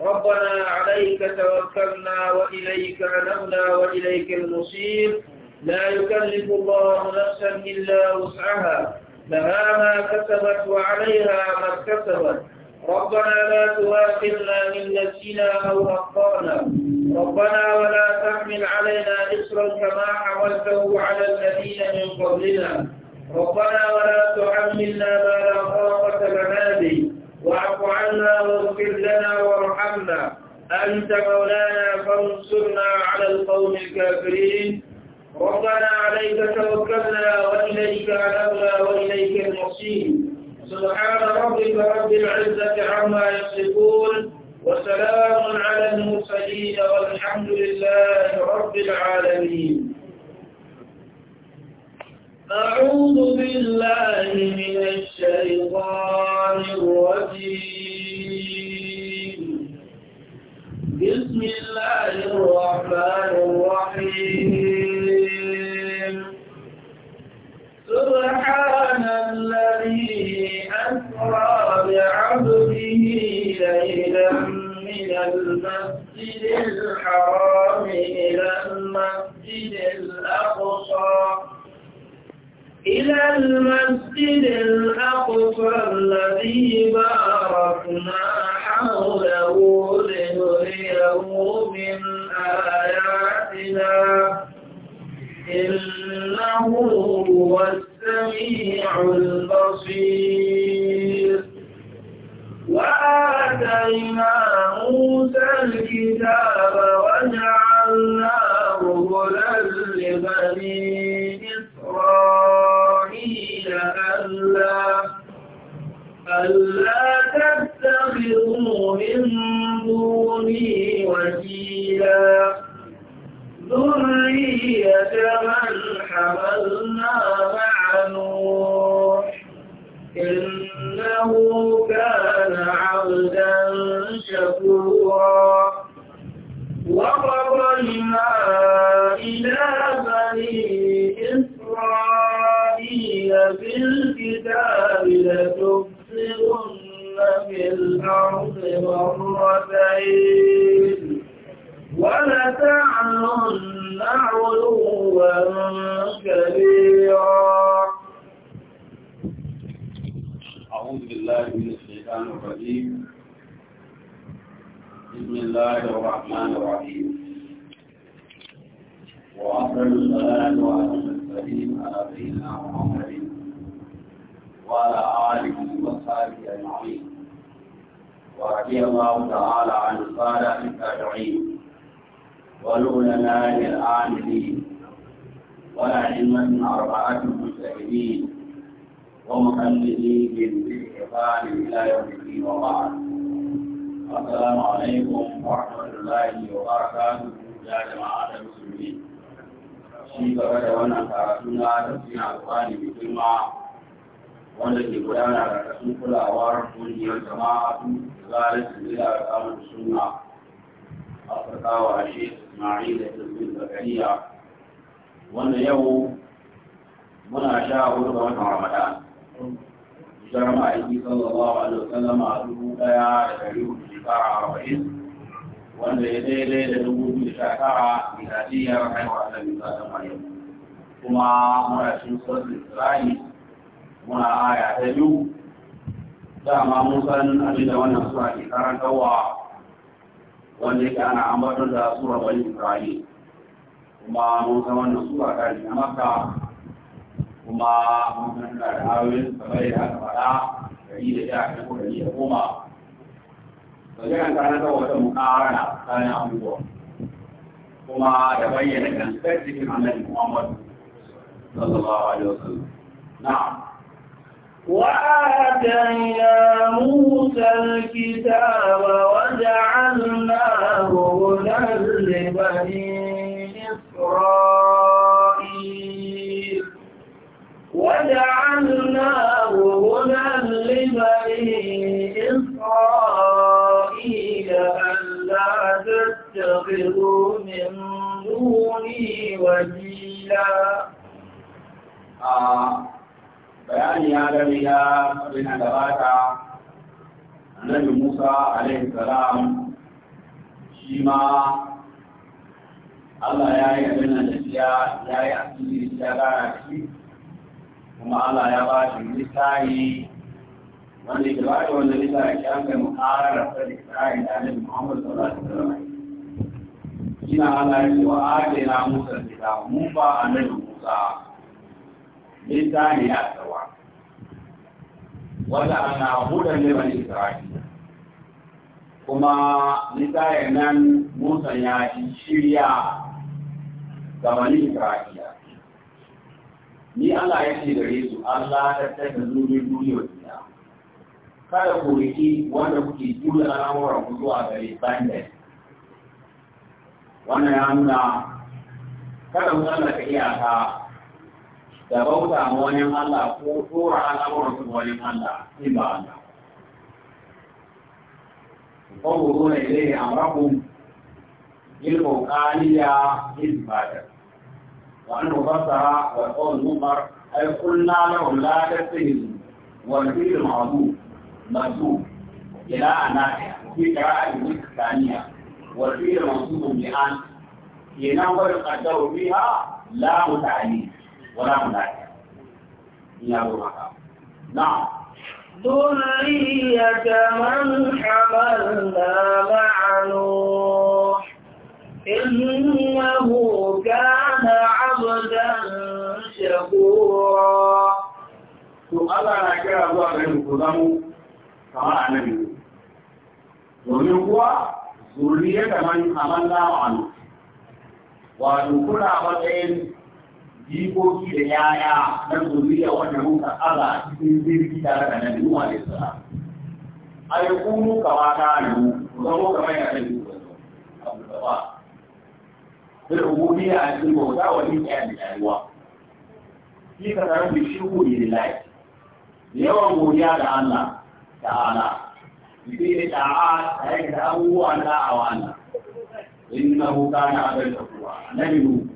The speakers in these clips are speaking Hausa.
ربنا عليك توكلنا وإليك نمنا وإليك المصير لا يكلف الله نفسا إلا وسعها لها ما كسبت وعليها ما اكتسبت ربنا لا تؤاخذنا من نفسنا أو أخطأنا ربنا ولا تحمل علينا إصرا كما حملته على الذين من قبلنا ربنا ولا تحملنا ما لا طاقة لنا به واعف عنا واغفر لنا وارحمنا أنت مولانا فانصرنا على القوم الكافرين ربنا عليك توكلنا وإليك أنبنا وإليك المصير سبحان ربك رب العزة عما يصفون وسلام على المرسلين والحمد لله رب العالمين أعوذ بالله من الشيطان الرجيم بسم الله الرحمن الرحيم سبحان الذي أسرى بعبده ليلا من المسجد الحرام إلى المسجد الأقصى إلى المسجد الأقصى الذي باركنا حوله لنريه من آياتنا إنه هو السميع البصير وآتينا موسى الكتاب وجعلناه هدى لبني إسرائيل ألا ألا تتخذوا من دوني وكيلا ذرية من حملنا مع نوح إنه كان عبدا شكورا وقضينا في الكتاب لتفسدن في الأرض مرتين ولتعلن علوا كبيرا أعوذ بالله من الشيطان الرجيم بسم الله الرحمن الرحيم وأفضل الصلاة وأتم التسليم على سيدنا محمد وعلى آله وصحبه أجمعين ورضي الله تعالى عن السادة التابعين والعلماء ولا علما أربعة مجتهدين ومخلدين بالإحسان إلى يوم الدين وبعد السلام عليكم ورحمة الله وبركاته يا جماعة المسلمين. شيخ بدر وانا كرسول الله تسمع القرآن بكلمة wanda ke gudana da kasu kulawar kungiyar jama'a tun zalar jimila da samun suna afirka wa ashe mari da tilbin zakariya wanda yau muna sha hudu ga watan ramadan hijirar ma'aiki sallallahu alaihi wasallama dubu daya da dari hudu shekara arba'in wanda ya daidai da dubu biyu da sha tara miladiyar haihuwa da misalin maryam kuma muna cin sosai isra'i muna aya ta biyu dama mun san abin da wannan sura ke karantarwa wanda yake ana ambatar da sura bani isra'il kuma mun san wannan sura ta ne a makka kuma mun san da ayoyin kamar yadda aka faɗa dari da sha biyu ko dari da goma to yana karantarwa wata mukarana kayan abubuwa kuma da bayyana gangan cikin annabi Muhammad sallallahu alaihi wasallam na'am وآتينا موسى الكتاب وجعلناه هدى لبني إسرائيل وجعلناه هدى لبني إسرائيل ألا تتخذوا من دوني وجيلا آه. بيان آدمية من أدواتا النبي موسى عليه السلام شيما الله يا ابن الأشياء يا أبن الأشياء كما الله يا باش الإسرائي من الإجراءات ومن الإسرائي كان في مقارنة الإسرائي لأنه محمد صلى الله عليه وسلم إن الله يسوى آتنا موسى الكتاب موسى أمنه موسى lisani ya tsawa wanda ana ne liman isra'ila kuma lisanin nan musa ya shirya ga mani isra'ila ni Allah ya ce gare su Allah ta tafi zuwa duniya duniya kada ku riki wanda kuke juya al'amuran ku zuwa gare bandai wannan ya nuna kada mu iya ta. da bauta wani Allah ko tura al'amuran su wani Allah in ba Allah. Kawo zuwa ilai a rakun yin kokaliya in ba وأنه فسر والقول المنكر أي قلنا لهم لا تتهموا والفيل المعظوم مكتوب إلى أنها في قراءة الملك الثانية والفيل منصوب بأن في نظر قدروا فيها لا متعليم ولا ملائكة يا أبو نعم ذرية من حملنا مع نوح إنه كان عبدا شكورا سؤالنا كلا الله غير قدامه كما النبي domin kuwa zuriya da man amalla wa wato jikoki da yaya na zuriya wanda mun karɓa cikin zirgi tare da nan ruwa da sara a yi kunu kama ta yi zama kamar yana da abu da ba sai rububiya a cikin bauta wa ni ɗaya da rayuwa shi ka tarar da shi kuri da lai yawan godiya da Allah da ta'ala bi da ta'a tare da abubuwa na awana innahu kana abal taqwa nabi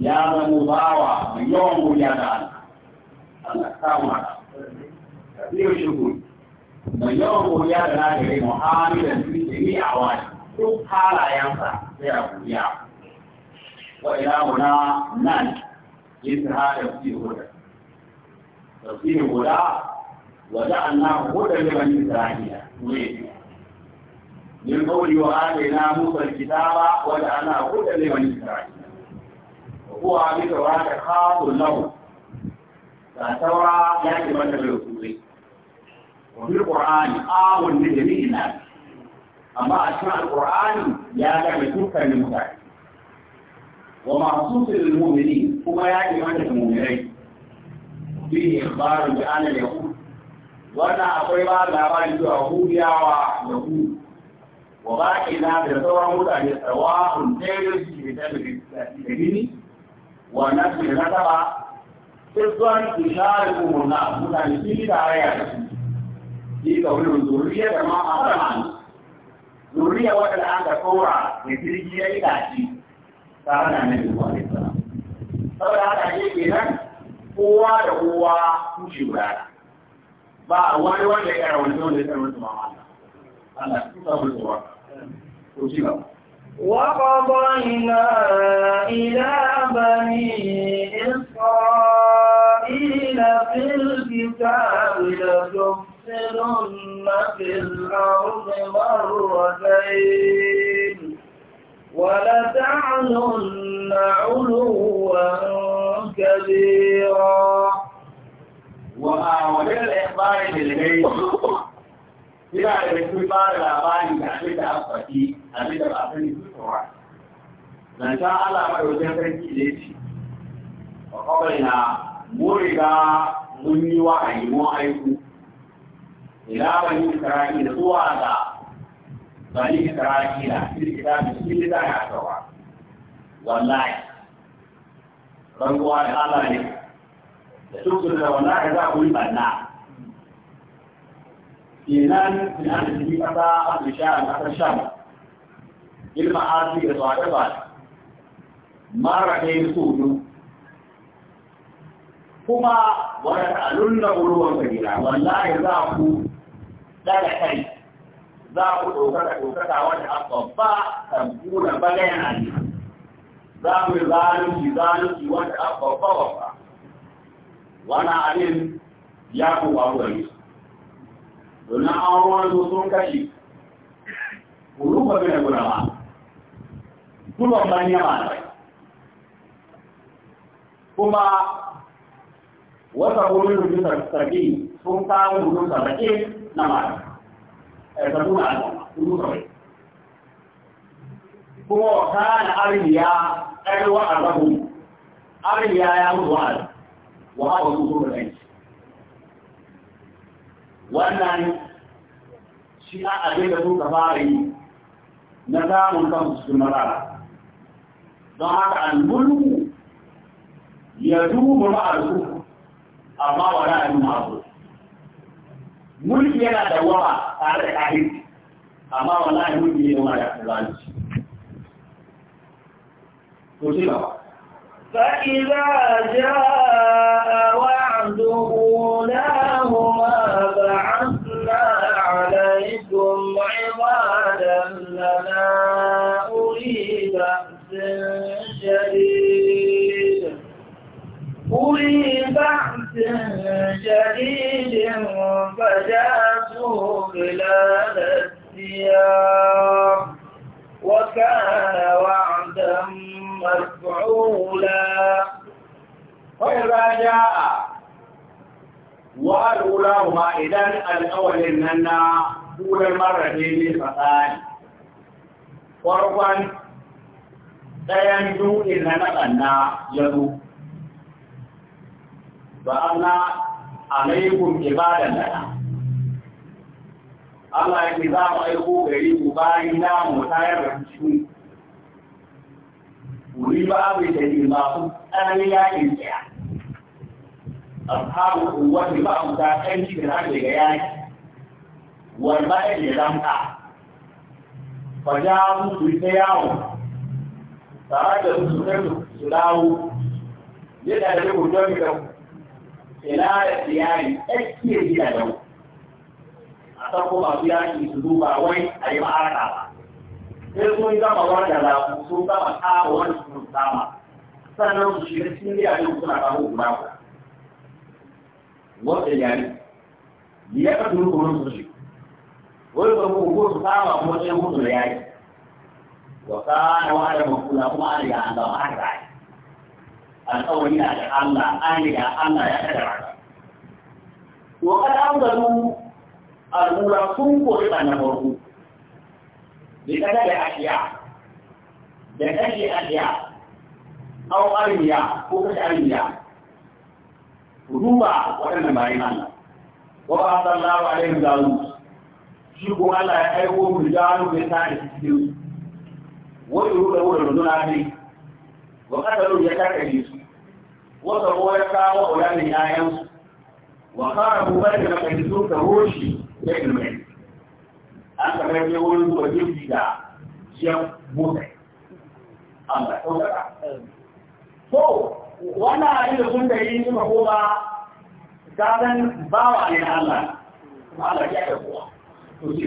ya zama bawa mai yawan godiya ga Allah Allah kama shukuri mai yawan godiya da na gare muhammadan fi jami'a wani duk halayensa sai a godiya wa ilahuna nan ينتهى تفسير هدى تفسير هدى وجعلناه هدى لبني اسرائيل من قول وآتينا موسى الكتاب وجعلناه هدى لبني اسرائيل huwa bi zawaka khasul lahu da saura ya ke mata da rasuli wa bil qur'ani awun ni jami'in nas amma a cikin alqur'ani ya ga dukkanin mutane wa mahsusul mu'minin kuma ya ke mata da mu'minai bi ikhbaru bi anna yahud wannan akwai ba labarin cewa hudiyawa da hudu wa baƙi na da sauran mutane tsawahun ɗaya da su ke da gini wannan su na taba kirkuwan su share kumurna mutane sun yi tarayya da su yi kaunin zuriya da ma a ramani zuriya waɗanda an ka tsora da jirgi ya yi dace tare da nan da wani sana saboda haka ne ke nan kowa da kowa kushe guda ba a wani wanda ya yi rawaito da ya rawaito ma Allah Allah su sabu da wa ko shi gaba وقضينا إلى بني إسرائيل في الكتاب لتفسدن في الأرض مرتين ولتعلن علوا كبيرا وأعوذ الإخبار بالبيت إلى الإخبار الأباني تحديد أفضل abin da ba sani hutawa zancen Allah mai wajen sarki da ya ce wa kawai na mun riga mun yi wa a yi mun aiku ila bani da zuwa ga bani da cikin kitabin cikin littafin a tawa wallahi rantsuwa da Allah ne da tukun da wallahi za ku yi banna kenan ina da cikin kasa a ƙarshen a ƙarshen ilma arzi da su haɗe ba mara ne su yi kuma wani ta'alun da ruruwan kabila wallahi za ku daga kai za ku ɗaukata ɗaukata wani abubba kan kuna bagayen ali za ku yi zalunci zalunci wani abubba ba. wani abin ya ku faru da yi domin an ruwan sun kashi ku rufa bi da gudama kuma manyan malamai kuma wata wurin rubutun sarki sun kawo rubutun sarki na malamai a zartun al'umma rubutun sarki kuma kana ariya ƙarwa a rabu ariya ya mutu wa'ala wa haɗa su da ɗanci wannan shi a abin da suka fara yi na samun kansu cikin matsala don haka almulku ya dubu ma'arku amma wa ra'ayin ma'arku mulki yana da wawa tare da kahiri amma wallahi mulki ne ma ya zalunci to shi ba فإذا جاء وعد أولاهما بعد شديد أولي بأس شديد فجاسوا خلال السياق وكان وعدا مفعولا وإذا جاء وأولاهما إذا الأول إننا أولى مرة فقال فرقا ɗayan juɗin na naɗanna ya zo ba ana alaikun ibadan lana Allah ya ce za mu aiko gari ku bayan na mu tayar da cikin wuri ba abu da ke masu tsananin yakin tsaya ashabu kuwwati ba mu ta kan da har daga yaki Wani ba'a da zamta fa ja mutu su ta yawon فأراد السنة سلاو يدعى له جمعه إلى دياري أكثر إلى له أتقوا أبياني سلوبا وين أي معركة sai sun gama wanda da sun gama kawo wani sun sama sannan su shiga cikin gidajen suna kawo guda guda wanda yare ya ka duru kuma su shi wani ba mu ko su kama kuma sai mutu da yare وكان وعد مقولا كما أن يا الله أحد الأول يا الله أن يا الله يا الله وقد أنزلوا الأولى سنكو ربا نبرو لكذا أشياء لكذا أشياء أو أرمياء فوقش أرمياء ruba waɗannan bayan Allah wa ba sallallahu alaihi wa sallam shi kuma Allah ya aiko mu da wani mai tare cikin wani ruɗa wurin rundunar ne wa ƙasarun ya takare su wata ruwa ya kawo ƙulanin yayansu wa ƙara bubar da mafi sun ka roshi ya ilmai an ka rage wurin zuwa jirgi da ya buɗe an ka ɗaukaka so wannan abin da sun da yi suka koma ta san bawa ne Allah kuma Allah ya ɗauka to shi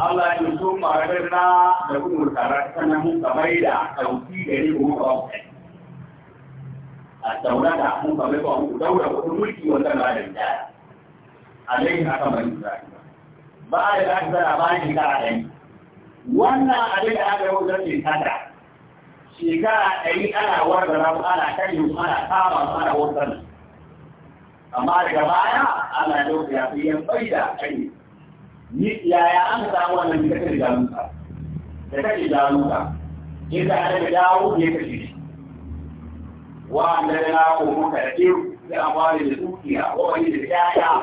Allah ya so marar na da kuma tarar sanan mun kamar da kauki da ne kuma ko a daura da mun kamar ba mu daura ko mulki wannan ba da ta alai aka bari ba ai da ka zara ba ni ka dai wannan abin da aka yau zai kada shekara ɗari ana warda rabu ana kan yi ana kama ana wasan amma daga baya ana yau ya fi yan bai da kai Ni yaya an samu wannan da kake da muka da kake da muka yadda an da dawo ya kashe shi wa da na ko muka da ke da amfani da dukiya ko wani da yaya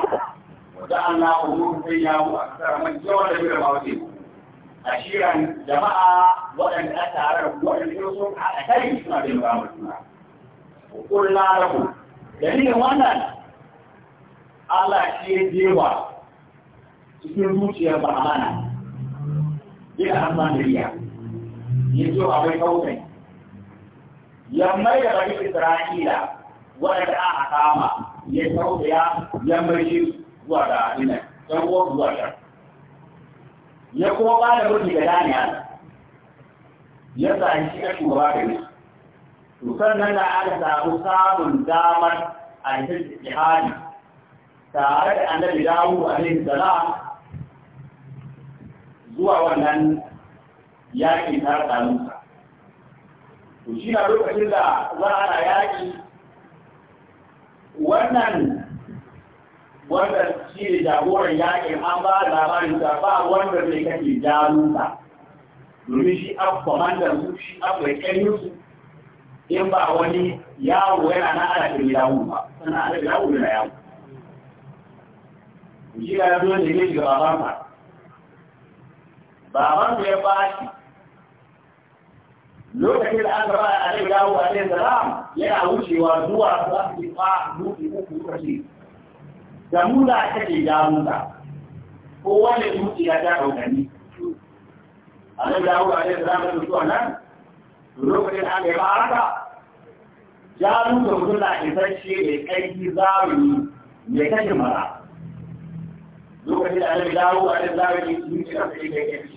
wanda an na ko muka sai ya mu a kasar man jawa da bira ba wace a shiran jama'a waɗanda a tare da waɗanda sun haɗa kai suna da mu'amala suna kullum na rabu dalilin wannan Allah shi ya jewa cikin zuciyar ba amana ina amman da riya ya zo akwai kautai ya mai da bari isra'ila wanda aka kama ya kautaya ya mai zuwa ga ina dan uwan zuwa ta ya kuma ba da mulki ga Daniel ya sa shi ka shugaba da ni to sannan na aka samu samun damar a cikin jihadi tare da annabi dawo alaihi salam zuwa wannan yaƙin ta tsarinsa to shi na lokacin da za a yaƙi wannan wanda shi ne jagoran yaƙin an ba labarin da ba wanda zai kake jarunsa domin shi abu kwamandar su shi abu da ƙarfin su in ba wani yawo yana na ala kiri ba sannan ana kiri yawo yana yawo shi ya zo da yake gaba ba baban ya bashi lokacin da aka ba a rai yawo a rai salam yana wucewa zuwa su aka yi ba dutse uku kashe da mula ta ke ya mula ko wani dutse ya ta ɗaukani a rai yawo a rai salam da zuwa nan lokacin da aka yi ba haka ya nuna mutum da isasshe mai ƙarfi zamani mai kashe mara lokacin da aka yi yawo a rai salam da zuwa nan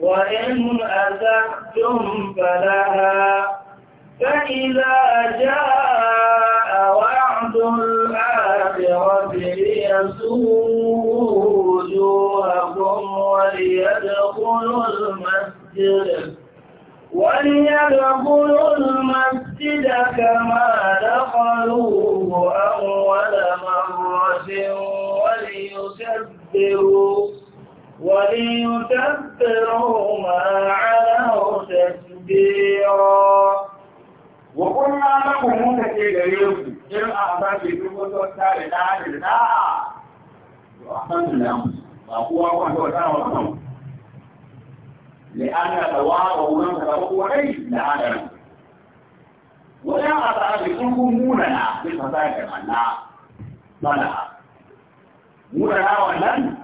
وإن أسأتم فلها فإذا جاء وعد الآخرة ليسوء وجوهكم وليدخلوا المسجد وليدخلوا المسجد كما دخلوه أول مرة وليكبروا وليتبروا ما علوا تكبيرا وقلنا لكم متكي غيركم إن أعطاكم وتوسع لنا لنا وأحسن لهم وأقوى وأنتوا تعالوا لأن تواضع من تتوقع ليس لعدم ولا أتعب كلكم موننا بالفساد كما لا ولن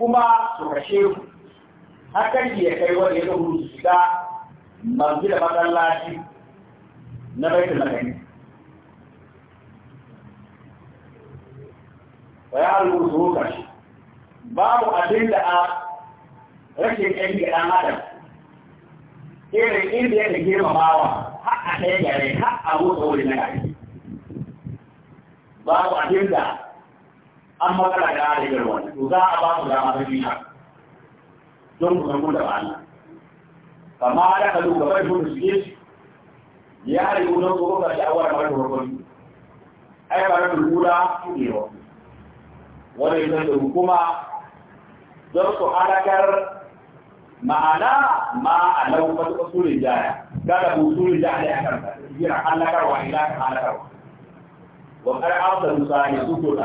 kuma su kashe ku hakan ya kai wani ya gudu su shiga manzu da matsalaci na baitul maqdis wa ya rubutu shi. babu abin da a rashin ɗan gida adam irin inda ya girmamawa har a ɗaya gare har a wuce wurin na gari babu abin da an makara da aregarwa to za a ba su dama ta biya don ku samu da bani kama da ka duka bai kuma su ke ya hari ko don gobe ka sha'awar da wani farkon ai ba da lura su ne ba wani zai da hukuma don su halakar ma'ana ma a lau wasu usulin jaya kada usulin jaya ne a kan ta yana halakarwa ila halakarwa wa kar amsa musa ne su ko da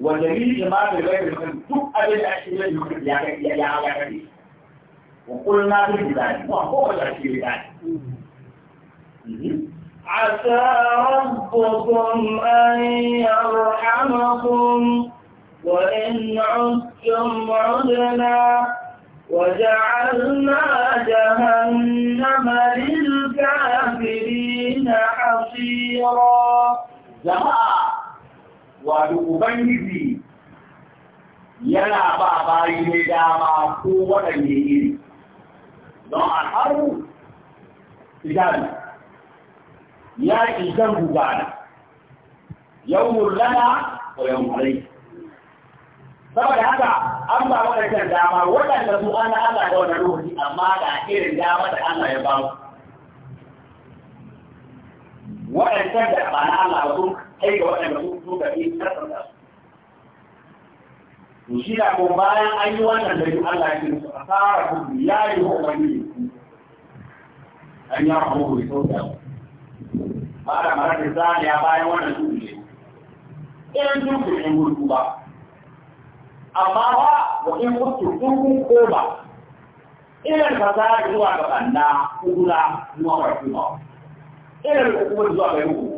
وجميع ما بغير المكان دك أبدا أشياء المكان يا يا يا يا وقلنا بالبداية وهو الأشياء عسى ربكم أن يرحمكم وإن عدتم عدنا وجعلنا جهنم للكافرين حصيرا جماعة wato ubangiji yana ba bayi ne dama ko waɗanne iri don a haru tijari ya idan gudana yau murlana ko yau mulai saboda haka an ba waɗancan dama waɗanda su ana Allah da wani lokaci amma da irin dama da Allah ya ba waɗancan da ba na Allah sun kai ga waɗanda su ka yi kasar da su shi da ko bayan an yi wannan da yi Allah ya yi su a tsara kudu ya yi wa wani an yi wa wani sau da ba da mara da zaniya bayan wannan su ne ɗayan dukkan ɗan gurgu ba amma ba wa ɗan gurgu gurgu ko ba irin ka za zuwa ga ɓanna kudula kuma ƙarfi ba irin kuma zuwa ga yi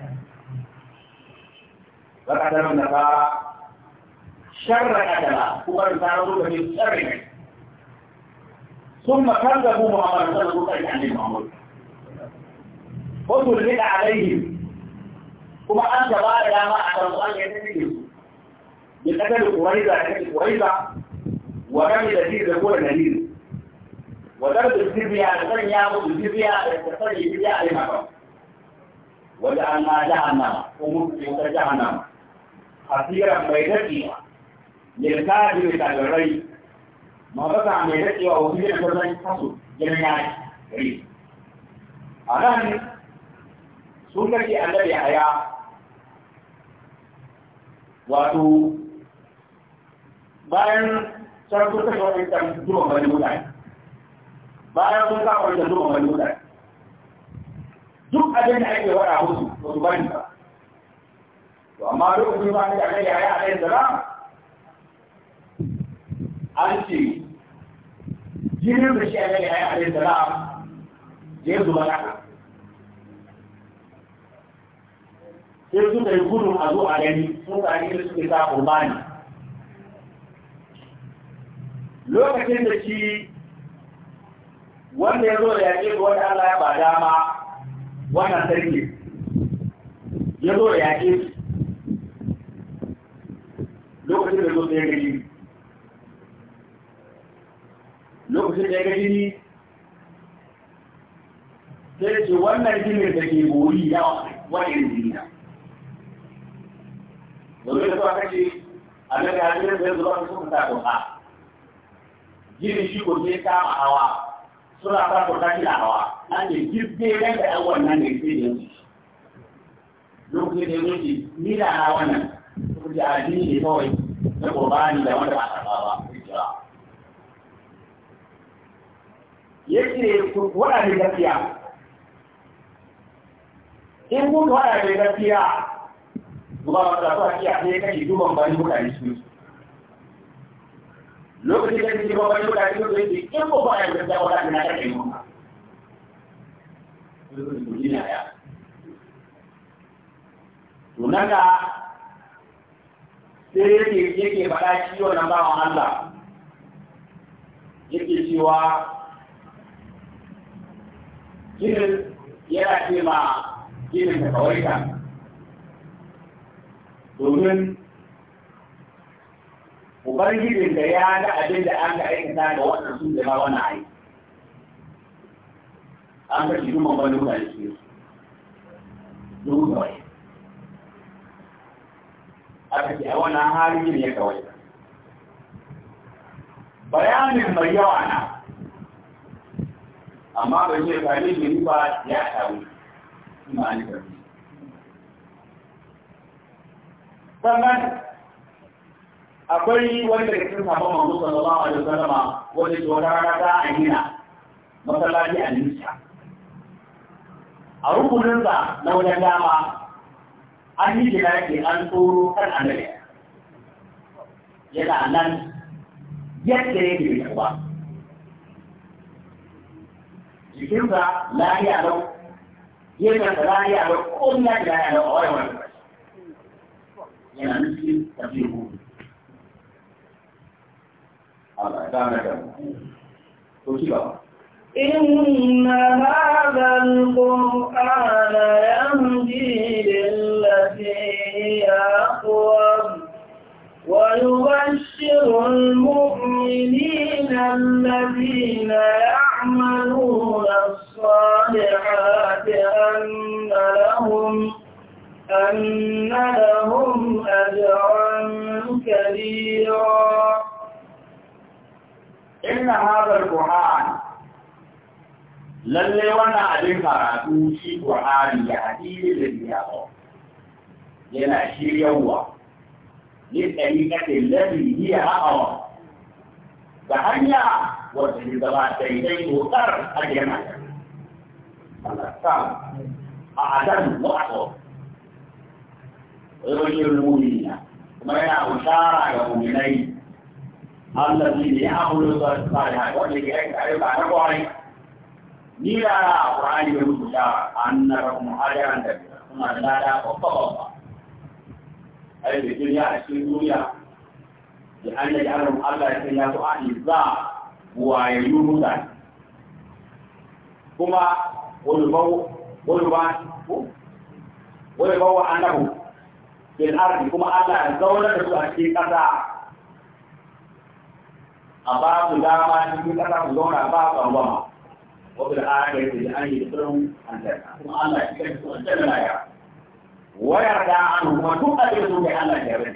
فقدم النفاق شر أدلا وقد تعرضوا به شر ثم كذبوا محمد صلى الله عليه وسلم وكلت عليهم كما أنت بعد ما أعلم أن يتمنى بقتل قريبة لكن قريبة ورمي الذين ذكور النبيل وضرب الزبيا لكن يعبد الزبيا لكن يعبد الزبيا وجعلنا جهنم ومسلم جهنم asiran mai daɗewa lilkafiri tagarai mafaka mai daɗewa a wajen gazan kaso gidan yaki gari a nan sun kace annabi haya wato bayan sun kuka shi wani kan zuwa wani mutane bayan sun kafa wani zuwa wani mutane duk abin da ake wada musu wasu bani ba amma lokacin ba ni da annabi a alaihi salam an ce jinin da shi a annabi yahya alaihi salam ya ba kaka. sai suka yi gudun a zo a gani sun tsari da suke sa kurbani lokacin da shi wanda ya zo da yaƙe ga wanda Allah ya ba dama wannan sarki ya zo da yaƙe su lokacin da zo sai ga lokacin da ya ga jini sai ce wannan jinin da ke gori yawa wani irin jini na domin da suka kashe a daga da ya zuba su suka sa jinin shi ko hawa suna sa shi da hawa an da yan wannan da lokacin da ya ni da ne kawai na ƙurbani da wanda ba a ba yake ku wada da gaskiya in kun wada da gaskiya zuwa wata su hakiya ne kashi duban bari mutane su lokacin da kike ba bari mutane su yake in ku ba da gaskiya wada da na kake yi mun to nan ga sai yake yake faɗa shi wannan bawan Allah yake cewa ginin yana ce ma ginin da kawaita domin Ubangijin da ya ga abin da an ga aikata da wannan sun zama wani aiki. An ga shi kuma wani mutane su yi. Dubu kawai. aka ce a wannan hali ne ya kawai bayanin mai yawa na amma ba ce kare da ba ya taru ina ni karfi sannan akwai wani daga cikin sabon manzo sallallahu alaihi wasallam wanda ke wata rana ta amina masallaci a nisa a rukuninsa na wajen dama an yi jirafi an tsoro kan annabi yana nan yadda ya yi kuwa jikin ba lafiya lau yana da lafiya lau ko ya da lafiya lau a wani wani yana nufin tafiya hudu Allah ya gane da To shi gaba. إن هذا القرآن يهدي به أقوم ويبشر المؤمنين الذين يعملون الصالحات أن لهم أن لهم أجرا كبيرا إن هذا القرآن للي وانا عليه قرأتوشي قرآن يهديه لليابو yana shiryarwa للطريقة التي هي أقوى فهيا وتجدبات يديه قر الجمال فالأحكام أعدم وأقوى رجل المؤمنين وما يلا أشارة يوميني الذي يأخذ الصالحات والذي يكتب على قواري نيلا قرآن يوم أشارة أن رقم حاجة عندك ثم لا لا وفقه ai da duniya a cikin duniya da an yi yaron Allah ya sanya su a izza buwayayyu mutane kuma wulbau wulba wulbau wa annahu fil ardi kuma Allah ya zauna da su a cikin kasa a ba su dama cikin kasa su zauna ba su ruwa wa bil akhirati an yusrun an tarka kuma Allah ya kai su aljanna ya ويرضى عنه وتبقى يسوع على جبل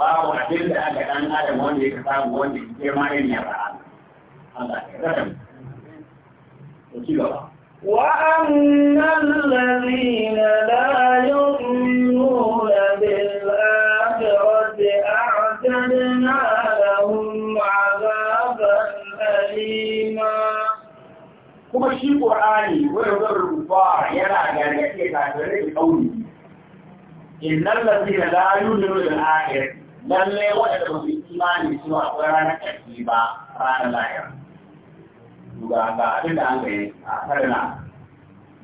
babu abin da aka dan adam wanda ya samu wanda ke ma yin ya ra'a Allah ya rahama to ci gaba وأما الذين لا يؤمنون بالآخرة أعتدنا kuma shi qur'ani wanda zan rufa yana gargaɗe ta tare da kauli innal ladina la yu'minuna bil akhirah lalle wanda ba su imani cewa akwai ranar ƙarshe ba ranar lahira ga ga abin da an ga a karna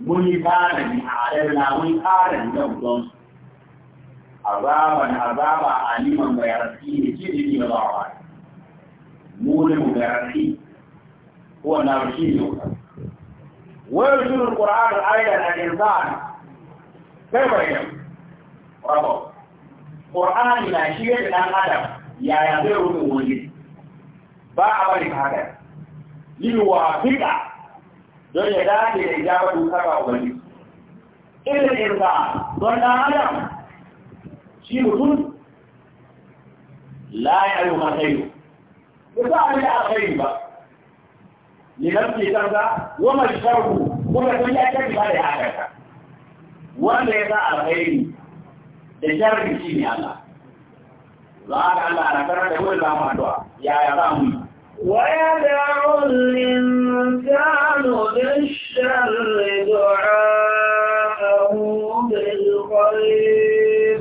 mun yi tanadi a adadina mun ƙara da don azaban azaba aliman mai rafi ne ce ne ne ba wa mu ne mu ga rafi ko na rafi ne ويشير القرآن الآية الإنسان كيف يشير ربه القرآن لا شيء الآن أدم يا يدير من وجد باع ولك هذا ليوافق دون يدات الإجابة سبع وجد إلا الإنسان دون أدم شيء لا يعلم خيره وصعب على بقى liman ke kansa wa man sharru kuma sun ya kafi ba da haka wanda ya sa alkhairi da sharri shi ne Allah za ka Allah na karar da wani zama addu'a ya ya za mu ويدعو الإنسان بالشر دعاءه بالخير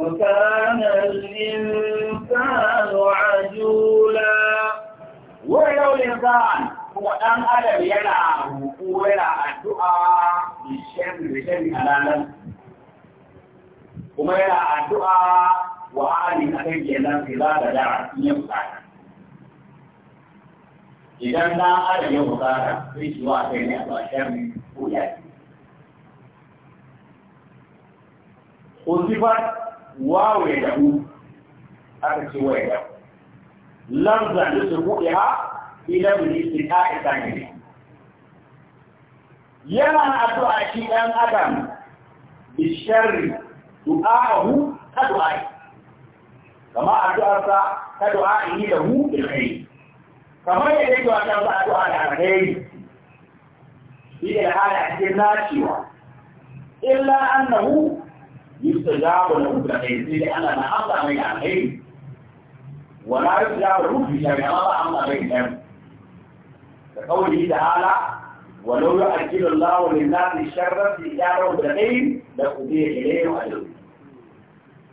وكان الإنسان عجولا ويدعو الإنسان kuma ɗan adam yana roƙo yana addu'a bishan bishan halalan kuma yana addu'a wa halin akan kenan fila da dara in ya bukata idan ɗan adam ya bukata sai shi wa kai ne a bashan ko yaki Kusifar wawo ya dahu aka ce wa ya dahu. Lanzan da su buɗe ha ila mulki ta isa ne yana addu'a shi dan adam bi sharri du'ahu ka du'ai kama addu'arsa ka du'ai lahu bil khair kamar yadda yake wata addu'a da alkhairi في الحالة الناشئة إلا أنه يستجاب له بالخير لأن أنا أمضى من الخير ولا يستجاب له في شر الله أمضى من الشر كقوله تعالى ولو يؤجل الله للناس الشر في داره الدقيق لقضي اليه اجرهم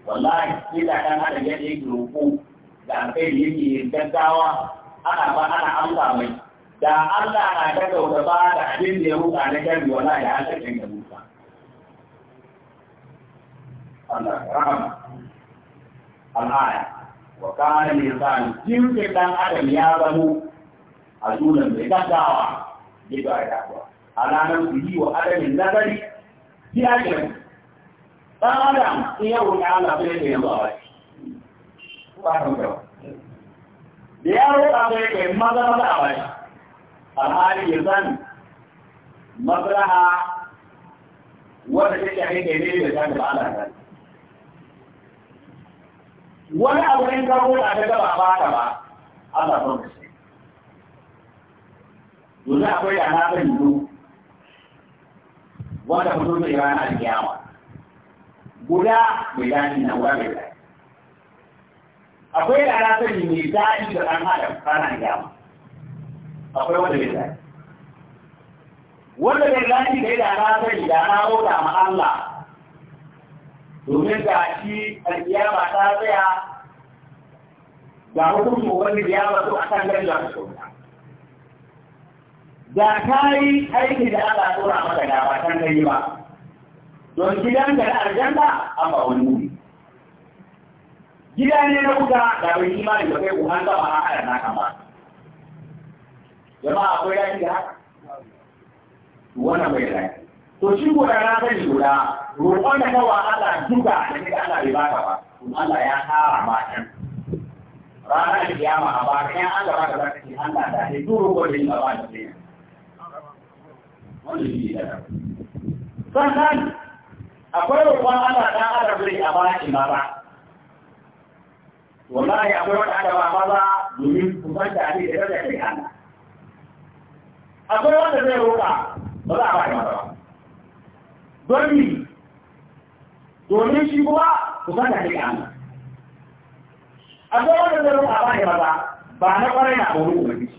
والله إذا كان هذا يدعي الوقوف لأن يجي الجدعوة أنا فأنا أمضى منه da Allah na ta gautaba da abin da ya ruka na gari wala ya haka can ya ruka. Allah rahama. Al'aya. Wa kana lisan jinkin dan adam ya zamo a zunan mai gaggawa ya ga ya kuwa a ranar ku yi wa adamin nazari fi ajiyar ɗan adam in yau ne ala bai da yanzu a wai ba kan kawo da ya roƙa bai da yamma zama da a wai alhali ya san maslaha wanda take a yake ne da ta da ala kan wani abu ne ka roƙa ta gaba ba ta ba Allah ba yanzu akwai rana ta yiwu wanda fito mai rana da yawa guda mai daɗi na guda mai daɗi akwai rana ta yiwu mai daɗi da ɗan adam rana da yawa akwai wanda mai daɗi wanda mai daɗi da ya rana ta yiwu da na rota ma Allah domin ga shi alƙiyama ta tsaya ga hukuncin wanda ya rasu a kan gari da su da ka yi aiki da ala tura mata da ba kan kai ba don gidan da aljanna an ba wani wuri gida ne na kuka da wani imani da kai kuhan zama a haɗa na kama jama'a akwai yaki da haka wannan bai da to shi ko da na sani guda roƙon da kawa ala duka da kai ala bai baka ba ala ya kara ma can ranar kiyama a bakin an gaba da zaka ci Allah da sai duro ko da ba da sannan akwai roƙon Allah ta Adam zai a baki maza wallahi akwai wata adama maza domin kusanta ne da rage kai Allah akwai wanda zai roƙa ba za a baki maza ba don domin shi kuma kusanta ne da Allah akwai wanda zai roƙa baki maza ba na ƙwarai na abu ruku mafi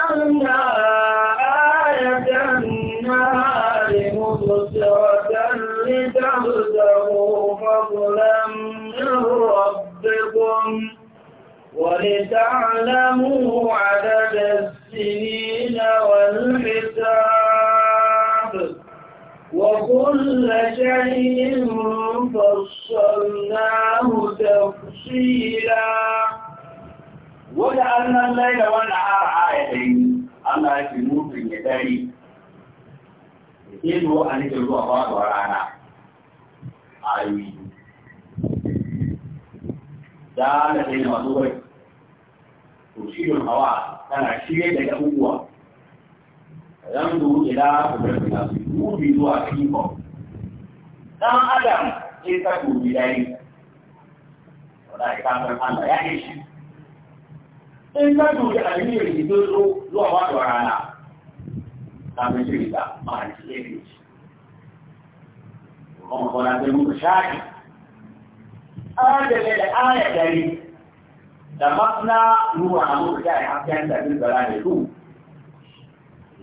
جعلنا آية النهار مبصرة لتبتغوا فضلا من ربكم ولتعلموا عدد السنين والحساب وكل شيء فصلناه تفصيلا وجعلنا الليل والنهار آيتين الله يكلمون في الدري يجب أن يجلوا بعض ورانا آيوي ذلك المسؤول تشير الهواء كان شيء لقوة ينظر إلى قدرتنا يوجد وكيفه dan adam in ka dubi dare wallahi ka san Allah ya yi in ka dubi alheri idan zo zuwa wata rana kafin shiri da mahaifin ɗaya kuma kwana sai muka shaƙi adalai da aya dari da masna nuna a muka shaƙi hasken da bin zara da su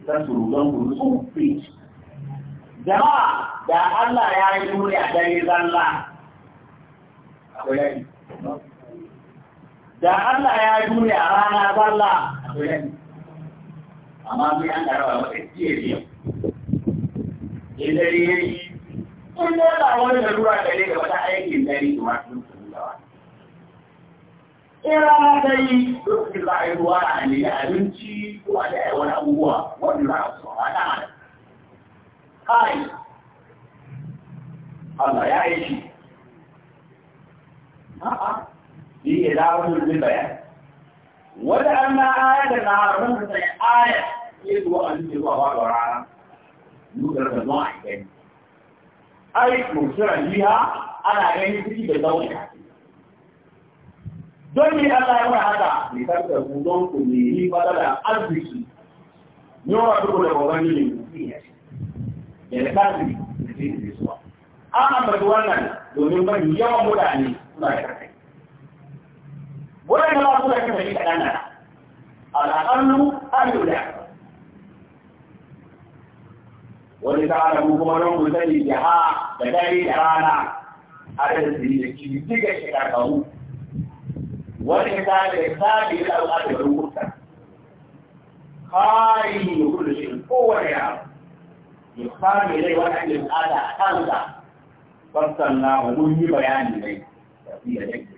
ta surugan gudu su fi jama'a da Allah ya yi nuni a dare zalla akwai yaki da Allah ya dune a rana sallah a amma mu an karawa mata jiya biyu ya yi in da wani da da ne da wata aikin dare kuma sun tsallawa in na ta yi a ne da abinci ko a da wani abubuwa ya yi دي إدارة البيان ولما آية النهار هم آية يدوى أن يدوى بعض العالم نقدر نضاعي كان أي مرسلة ليها أنا أغني في بدون كاتب دوني ألا يوم هذا لتبقى بودون كنيه بدلا ألبسي نورا تقول لغوغاني لنفسي يلكاتي نفسي نفسي نفسي أنا بدوانا دوني يوم مداني نفسي ولا لا أقول لك شيء أنا على الأقل أن يدع ولتعلموا كما نقول ذلك جهاء لذلك رانا على الذي يجيبك شكاكه والحساب الحساب إلى الأرض والمكتب خائن كل شيء قوة يا يختار إليه وحد الآلة خمسة فصلناه منه بيان إليه تفصيل ذكر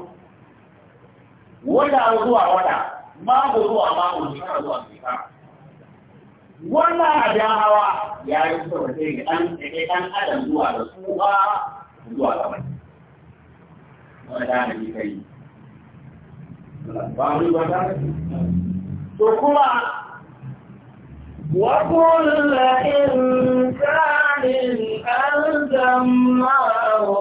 wata zuwa wata mako zuwa mako shekara zuwa shekara wannan abin hawa ya yi kusurwa sai yi ɗan ɗaya ɗan adam zuwa da tsufa zuwa ga mai wanda ta hanyar kai ba mu ba ta to kuma وكل إنسان ألزمناه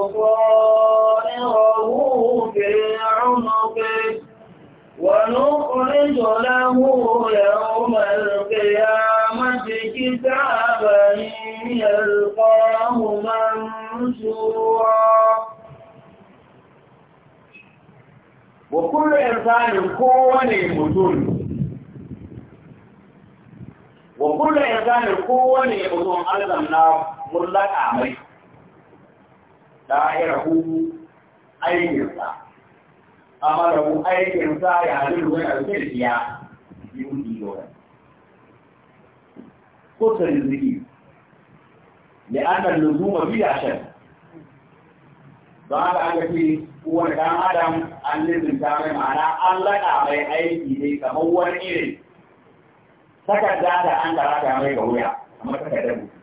له يوم القيامة كتابا يلقاه منشورا وكل إنسان كوني مدن وكل إنسان كوني مدن ألزمنا ملك عمي دائره أي إنسان amma da ku aikin sa ya halin wani a cikin ya yi wuce yau ko ta riziki da an da luzuma biya shan don haka an fi wani dan adam an ta mai ma'ana an laɗa mai aiki ne kamar wani iri takarda da an karata mai ga wuya kamar takardar mutu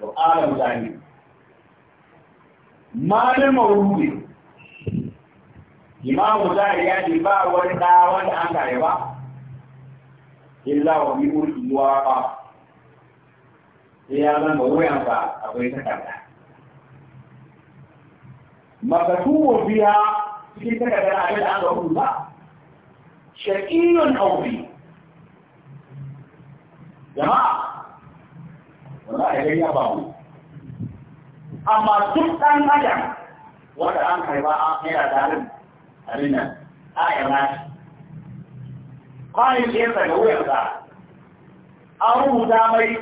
to ala mutane malin mawuyi imamu za a ya ce ba wani ɗa wanda an kare ba illa wa bi ulki wa ba sai ya zama wuyansa akwai takarda makatubu biya cikin takardar abin da aka rubuta shaqiyun aw bi jama'a wallahi dai ya ba mu amma duk ɗan adam wanda an karba yana da halin abin nan aya ba shi kwanin da ya tsaga wuyarsa an rubuta mai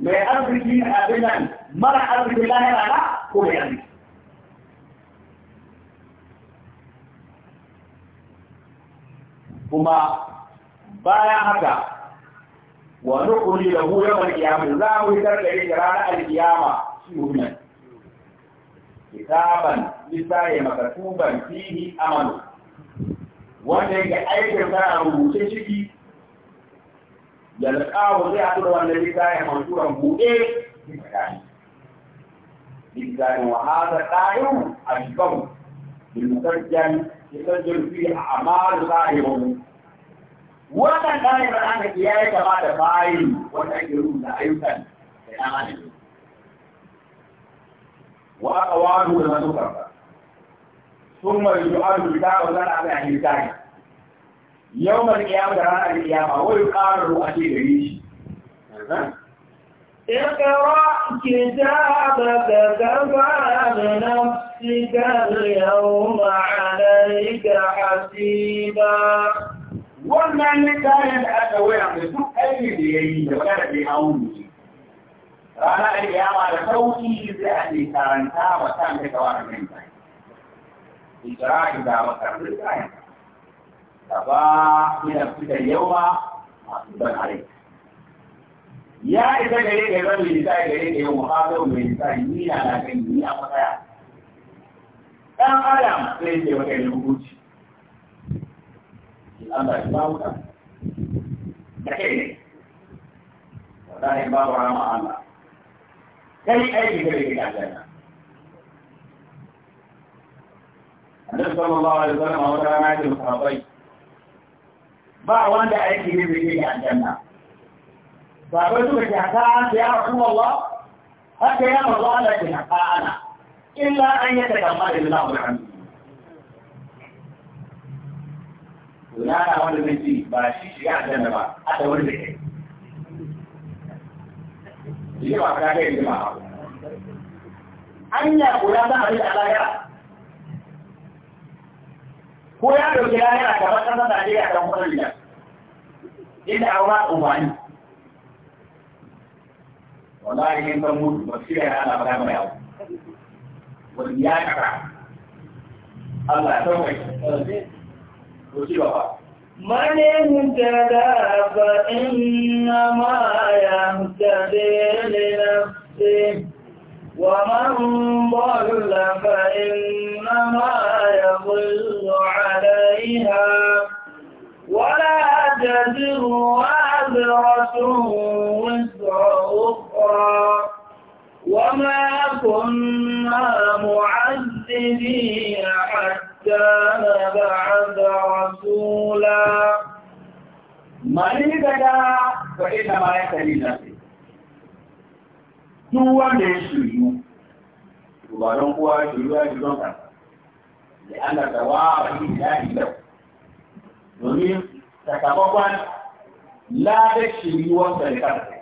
mai arziki abin nan mara arziki lahira na ko mai arziki kuma bayan haka wa nukuli da hu yawon kiyama za mu yi tarkare da ranar alkiyama shi hukunan kitaban lisaye makatuban fihi amalu wanda yake aikin sa a rubuce ciki yalqahu zai haɗu da wannan lisaye mansuran buɗe tsakani lisaye wa hada qa'iru ashbahu bil musajjal yusajjal fi a'mal sahibihi wannan ɗaliban an ga yayi kamata bayi wanda ake rubuta ayyukan da amana وأقواله لما تكرر ثم يجعل الكعبة لنا على حلتاني يوم القيامة رانا القيامة ويقال رؤسي بريش اقرأ كتابك كفى بنفسك اليوم عليك حسيبا wannan littafin da aka waya mai duk aiki da ya yi da ranar aliyama da sauki zai a ce karanta wa ta mai gawa da mai bai ikirarin da makarar kayan da ba yana fitar yawa masu ban alai ya isa gare ka zan mai nisa gare ka yau muhafazu mai nisa ni na na gani ni a matsaya ɗan adam sai ce maka yin hukunci an ba shi ba wuta da kai ne wadda ne babu rama Allah كي أي شيء يحتاجنا النبي صلى الله عليه وسلم هو كان عايز الصحابي باع وندا أي شيء يحتاجنا فأبدو بشحكاء أنت يا رسول الله حتى يا الله لا تشحكاء أنا إلا أن يتكمل الله الحمد ولا أنا ولا بنتي باشيش يعجبنا بقى حتى ولا بنتي yawa ka ga yin ma anya ko ya ba ri alaya ko ya dauki yana gaban kasar Najeriya kan kuɗin da inda awa ubani wallahi in ban mutu ba sai ya ana fara mai yawo wani ya kaka Allah ya sauke to ci gaba من اهتدى فإنما يهتدي لنفسه ومن ضل فإنما يضل عليها ولا تزر وازرة وزر أخرى وما كنا معذبين حتى كان بعد رسولا من بدا فإنما يكفي نفسه duk wanda ya shiryu to ba don kowa shiryu ya shiryu ka da wa ba ni da ida domin sakamakon la da shiryu wanda ya karfe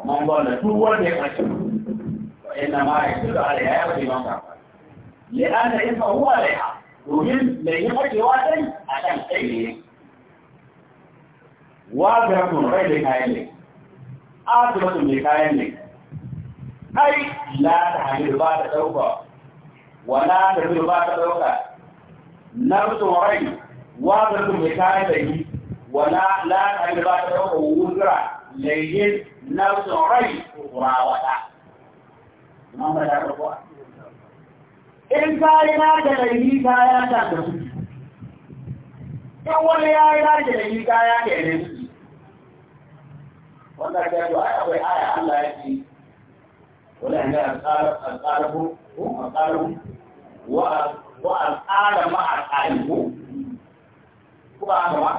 amma wanda duk wanda ya karfe to ina ma ya shiryu ala ya yi ba لهذا يفهم عليها ومن لا يفرق لواتن عشان تيلي واضح من غير كائن عاقبة لكائن أي لا تحمل بعد توقع ولا تحمل بعد توقع نفس ورأي واضح لكائن ولا لا تحمل بعد توقع وزرع لين نفس ورأي وراوة ما بدأ الرقوع in ka yi na da laifi ka ya ta da su in wani ya yi na da laifi ka ya ta da su wannan ta yi ai akwai aya Allah ya ce wala ne alqarabu ko alqarabu wa wa alqara ma alqaribu ko ba ba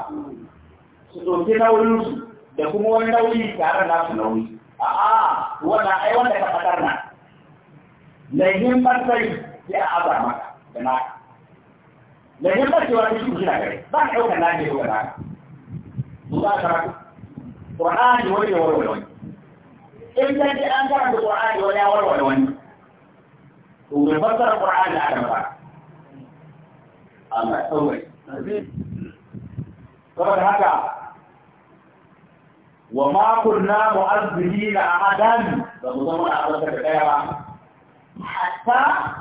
su doke nauyin su da kuma wani nauyi tare da su nauyi a'a wannan ai wanda ka fadar na laihin matsayi sai a aza maka da naka da ne ba cewa shi shi na gare ba ka ɗaukar na ne ɗaukar naka su ba ka Qur'ani wani ya warware wani in ka ji an karanta Qur'ani wani ya warware wani to bai fassara Qur'ani a kan ba Allah ya tsawai saboda haka wa ma kunna mu'azzibina ahadan ba mu zama a tsaka da daya ba hatta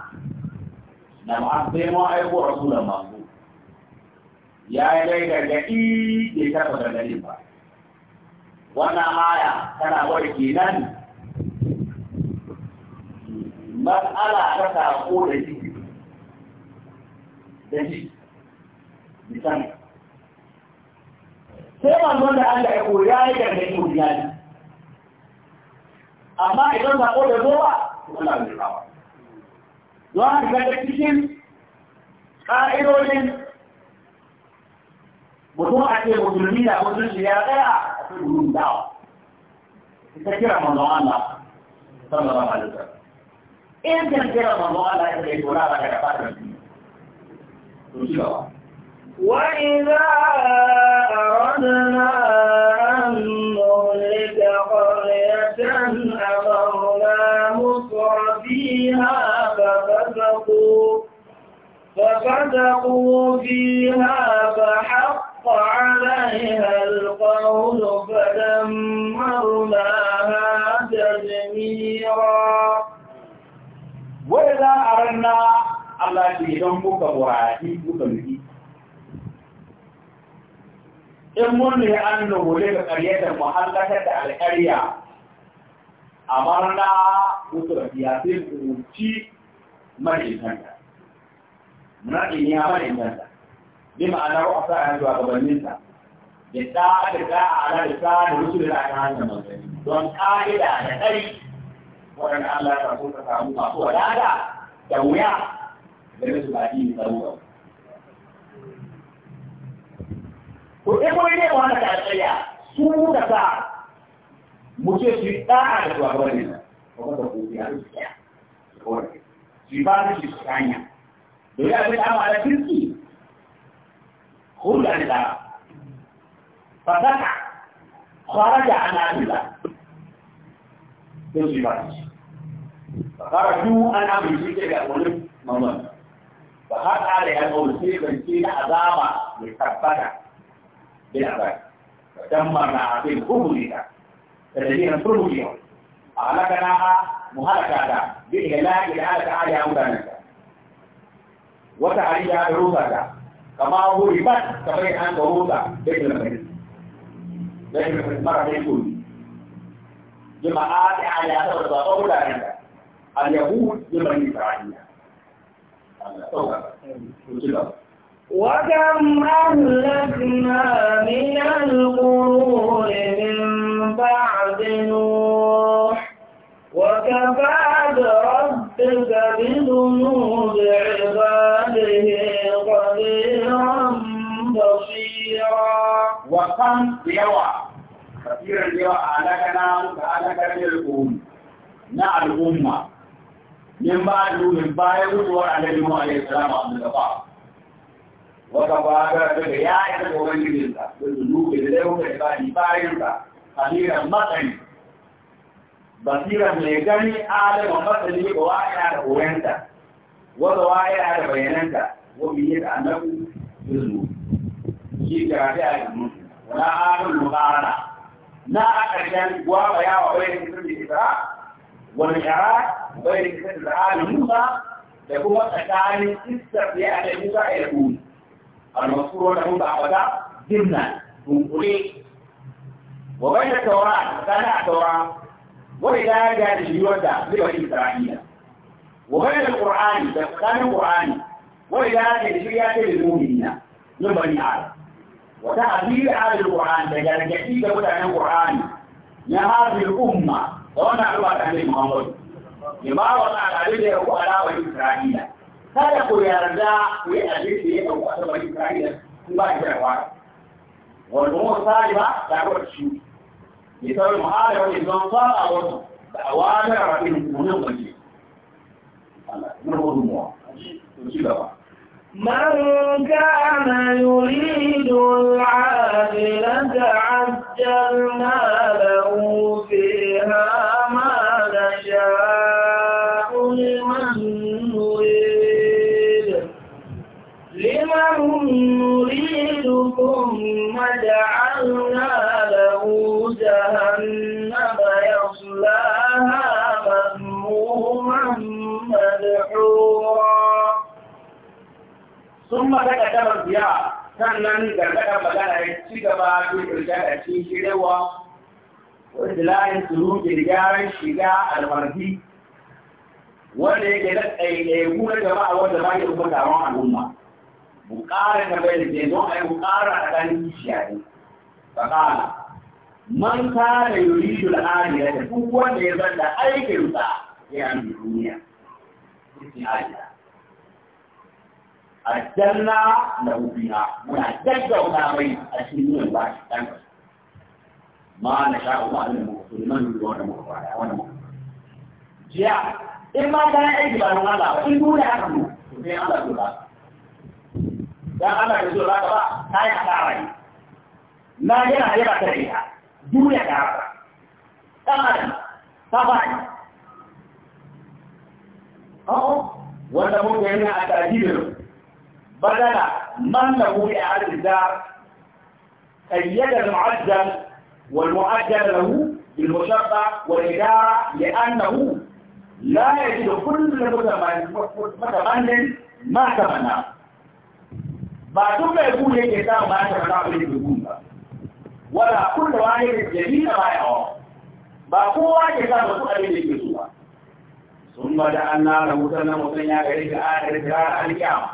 da ma sai ma aiko rasulun manzo ya yi dai gargaɗi bai karɓa gargaɗin ba wannan aya tana wani kenan mas'ala ta sako da shi da shi misali sai manzon da Allah ya koyi ya yi gargaɗi ko ya amma idan sako da zo ba wannan rawa. وار بلدتين قائلين بدون أكل مجرمين أو جنسي يا غيا أقولون دا تذكر من دعانا صلى الله عليه وسلم وإذا صدقوا فيها فحق عليها القول فدمرناها تدميرا وإذا أردنا الله يجيدون بك براهي بك لكي إمني أنه لك قرية المحلقة على قرية أمرنا بك رفياتي بك مجلسان nau'in ya mara inganta bi ma'ana wa sa ya zuwa gabanin sa da ta da ta ala da ta da musu da ta hanyar manzanni don ka'ida da tsari waɗanda Allah ya so ka samu masu wadata da wuya da musu ba dini tsaro ko eh ko ne wannan da tsaya su da ta muke su ta da zuwa gabanin sa ko ka ko ya ko ba shi su hanya domin abin da amma da kirki hulɗa da dara fasaka kharaja ana amila don shi ba shi kharaju ana amila shi ke ga wani mamman ba har ƙara ya kawo sai zance na azaba mai tabbata bin azab dan marna abin kuhulita da dalilin turhuliyar a halaka na muhalaka da bin ilahi da halaka ala ya mutanenta wata hanya da rusa ta kama abu ta kamar an ga rusa da ke lamarin da ke lamarin mara da kuri jama'a da ala ta wata zaɓa ne da al-yahud jama'a isra'ila وكم أهلكنا من القرون من بعد نوح وكفى بربك ربك بذنوب عباده خبيرا بصيرا وكم يوى كثيرا يوى أهلكنا وأهلك الأمة نع الأمة من بعد من بعد وعلى النبي عليه السلام عبد الله وكفاك يا أيها الذين آمنوا بالذنوب إلى يوم القيامة خبيرا بصيرا basira mai gani adama masani ga waya da koyanta wanda waya da bayananta wani yi da annabi yuzu shi ga da alimu wala adam muqarana na akarjan gwa baya wa bayan sirri isra wal ira bayan sirri alimu ba da kuma tsakanin isra da alimu ba ya ku al-masrur da mun ba abada dimna kun kure wa bayan tawra kana tawra وهداية لليودة لبني إسرائيل وغير القرآن بسكان القرآن وهداية لشريعة للمؤمنين من بني آدم وتعبير هذا القرآن تجعل جديد عن القرآن يا هذه الأمة وأنا أعرف عن محمد لما وضع عليه على بني إسرائيل kada ku yarda ku yi abin da ya ɗauka ta bari Isra'ila kun ba ki da wani. Wanda kuma misali ba, ta ga wata shi من كان يريد العاجلة عجلنا له فيها ما نشاء لمن نريد لمن نريد ثم جعلنا جهنم يصلاها مذموما مدحورا ثم ذكر الضياء sannan gargada magana ya ci gaba da kirga da cikin shirewa wanda layin suru gyaran shiga almarfi wanda yake da ɗaiɗaiku na a wanda ba ya rufa taron al'umma bukara ta bai da ke don a yi bukara a ɗan kishiya ne من كان يريد الآخرة فهو نبدا أيكلتا يعني الدنيا في أجلنا له بها من أجلنا بين أشهر الله ما نشاء الله أن نمكسر من يريد أن نمكسر وأنا جاء إما كان يقولون أن يقولون إن يقولون أحمد في على الله يا يقولون رسول الله صلى الله عليه يقولون لا ينهي بكريها duniya da haka ɗan adam ta faɗi wanda muka yana a tajibin badala man da mu ya arzikin قيد المعجل والمعجل له بالمشبع والإدارة لأنه لا يجد كل متمن ما تمنى بعد ما يقول لك ما تمنى في الجمهور wala kullu wahidin jadida ma yawa ba kowa ke sa mutum abin da yake zuwa sun ba da Allah da wutar na mutum ya gari da ayar da alƙiyama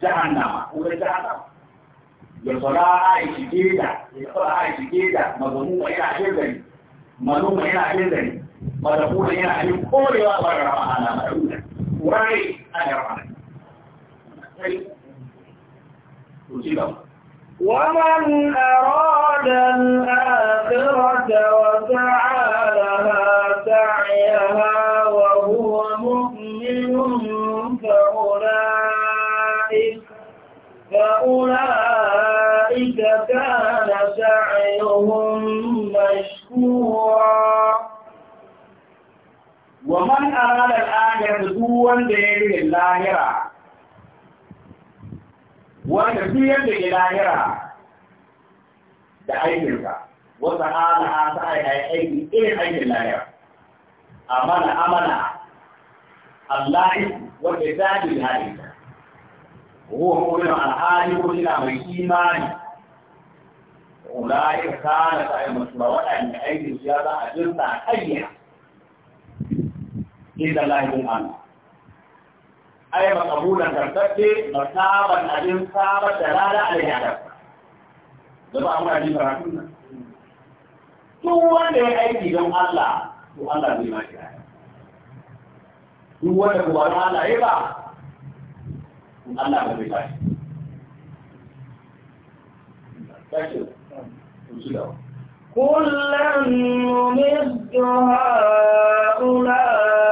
jahannama wutar jahannama ya fara aishi gida ya fara aishi gida mazamu mai yana hirdari mazamu mai yana hirdari mazamu mai yana hirdari korewa ba da rama ana mai wuta wurare ana rama ne. Sai, to ci gaba. ومن أراد الآخرة وسعى لها سعيها وهو مؤمن فأولئك, فأولئك كان سعيهم مشكورا ومن أراد الآخرة دون دين اللاهرة wanda duk yadda ya lahira da aikinka wata ala a ta aiki irin aikin lahira amana amana Allah wanda ya zaɗi da haɗinka هو مؤمن الحالي كلنا من إيمان أولئك كانت المسلمون أن أيدي الزيادة أجلنا حيا إذا الله يقول أي مقبولا ترتبت مصابا أجل صابة دلالة عليه عدد لما أمنا دي فراتنا تو وانده أيدي دون الله تو الله بي ما شاء تو وانده كبارا الله إيبا تو الله بي ما شاء تشو تشو كلا نمد هؤلاء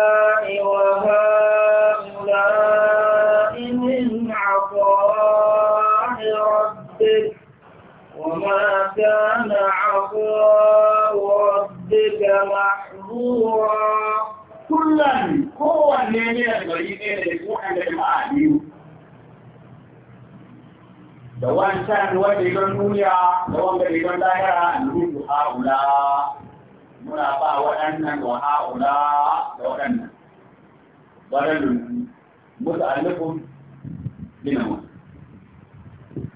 محظورا كلا kowanne ne da gari ne da su an da jama'a biyu da wancan wanda ya gan duniya da wanda ya gan lahira an rubu haula muna ba waɗannan wa haula da waɗannan waɗannan musu alifun dinamu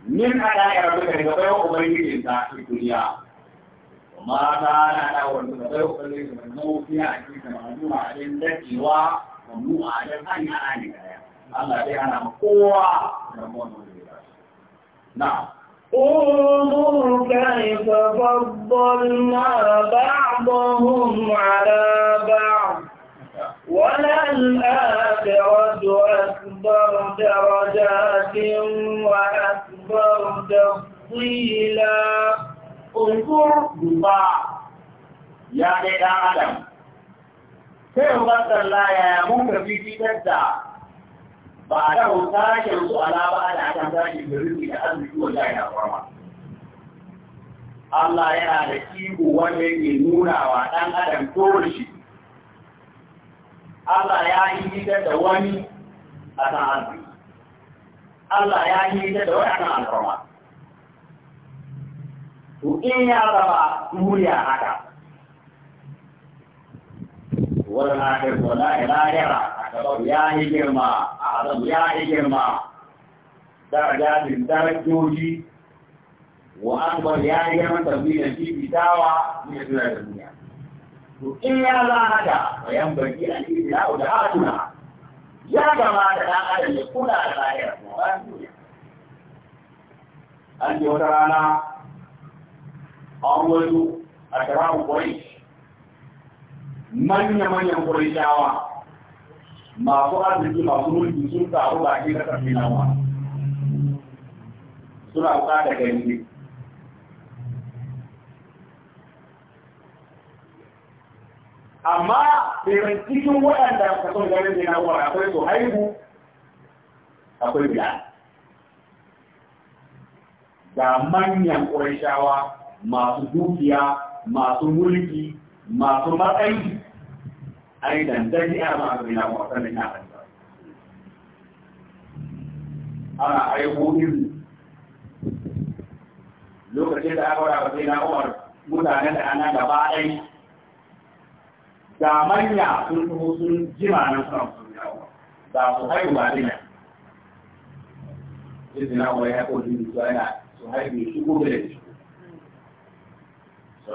min ala ya rabu daga bayan ubangijinta a duniya mata na da wanda da zai kwalle su mai mawufi a cikin samanu a ɗin dakewa mamu a ɗin hanya a ne kaya Allah dai ana ma kowa da mawana wanda ya tashi na انظر كيف فضلنا بعضهم على بعض وللآخرة أكبر درجات وأكبر تفضيلا ungur duba ya dai ɗan adam sai ubangar laya mun ka fitar da ba da hutashin su ala ba da akan zaki da rufi da arziki wajen ya farma Allah yana da kiwo wanda yake nuna wa ɗan adam tori shi. Allah ya yi fitar da wani a kan arziki. Allah ya yi fitar da wani a kan alfarma. to in ya zama duniya haka wani na kai wala ilayara a gabar ya yi girma a adam ya yi girma darajajin darajoji wa akbar ya yi girma tabbiyar shi fitawa ne da duniya to in ya za haka bayan baki a cikin ya'u da hatuna ya kamata ɗan adam ya kula da lahira kuma bayan duniya an ji wata rana an wasu a tarahu ƙwarish manya-manyan ƙwarishawa masu arziki masu mulki sun taru ba ke kasar wa suna kusa da gani amma daga cikin waɗanda ka son ganin ne na uwar akwai su haihu akwai biya ga manyan ƙurashawa masu dukiya masu mulki masu matsayi aidan yi ya ma ga ina ko sanin da kan ana aiko iri lokacin da aka wada ba sai na Umar mutanen da ana gaba ɗaya da manya sun kuma sun jima na sun su yawa da su haihu ba ne izina wa ya ko dini su ana su haihu shi gobe da shi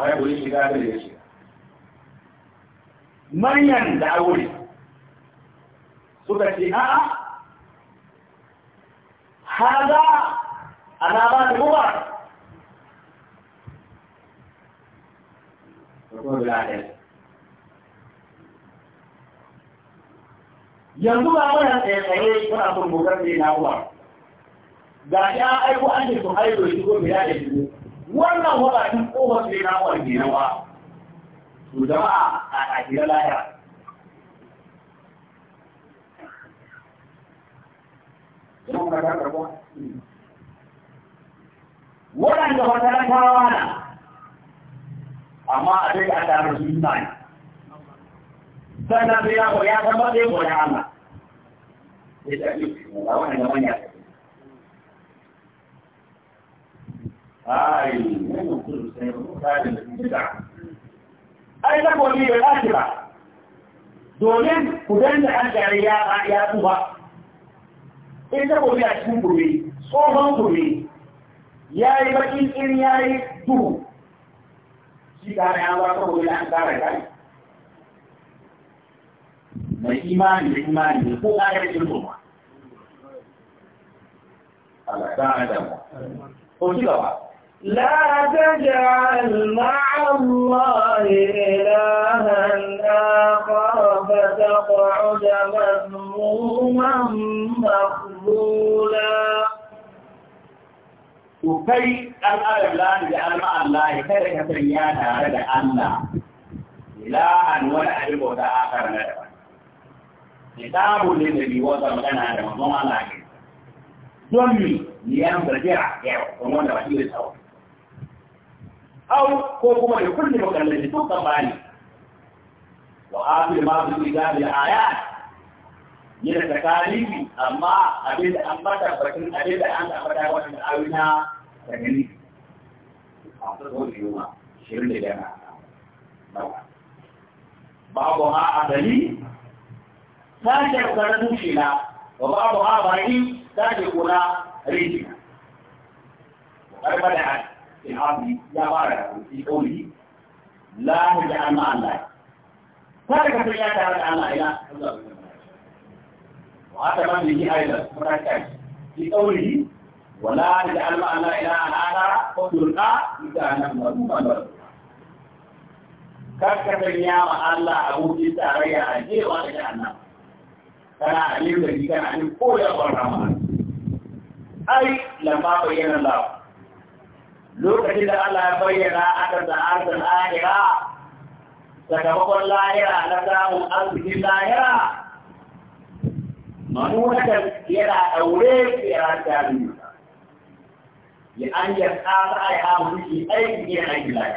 ai wuri shiga da ya shiga manyan da aure suka ce a'a هذا علامات مبارك yanzu ba wannan tsaye tsaye kuna kurburar ne na uwa ga ya aiko an su haido shi ko mai ya da shi wannan wadatun kofar ne na warke na ba su jama'a a ajiyar lahira waɗanda matalakawa na amma a dai a tare su yi ne sannan sai ya ya san matsayin wani Allah ya tafi waɗanda manya هاي ai na gobe bai dace ba domin ku danna an gari ya ya tuba in ta gobe a cikin gobe tsohon gobe ya yi bakin in ya yi duhu shi kare an ba ta gobe an kare kai mai imani da imani ne ko kare shi ruwa Allah ta da mu ko ci gaba لا تجعل مع الله إلها آخر فتقعد مذموما مخذولا وكي الأرب لا تجعل مع الله كذلك سيانا رد الله إلها ولا أجب آخر ندبا كتاب للنبي وصل لنا رمضان الله دمي لينرجع يعقومون وحيد الأول أو كوكما يكون مكلف كباني وآخر ما في كتاب الآيات yana da kalibi amma abin da an bata bakin abin da an tabbata wannan awina da gani a tsakon yuma shirin da yana babu ha a gani ta ce karatu shi na wa babu ha baki ta ce kula rijina karfa da haka استحابي لا بارك في قوله لا نجعل مع الله فلك في الله تعالى عن الله إلى وهذا من به أيضا مركز في قوله ولا نجعل مع الله إلى أن آخر فتلقى لجهنم مذموما مرضوما karka sanya wa Allah abokin tarayya a jewa da jahannam kana alim da kana alim ko ya kwanta ma ai lamba bayyana lawa لأن يسعى أي عمل في أي مكان أي بلاد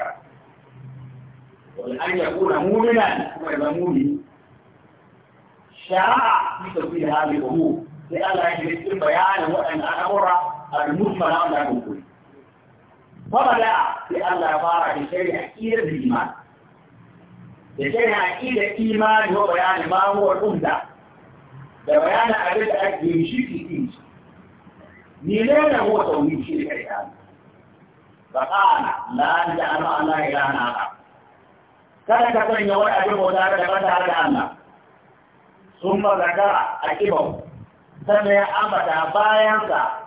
ولأن يكون مؤمنا كما يبقى مؤمن شرع في تطبيق هذه الأمور لأن يجب أن يكون بيانا وأن أنا أرى المسلم أنا أقول وبدأ لأن يبارك بشيء أكيد بالإيمان بشيء إلى الإيمان هو بيان ما هو الأمدة بيان أبدا أكيد شيء فيه منين هو توحيد شرك الإيمان فقال لا تجعل مع الله إلها آخر كان كفر يقول أبي موسى لقد على الله ثم ذكر أكبر سمع أمدا بايعك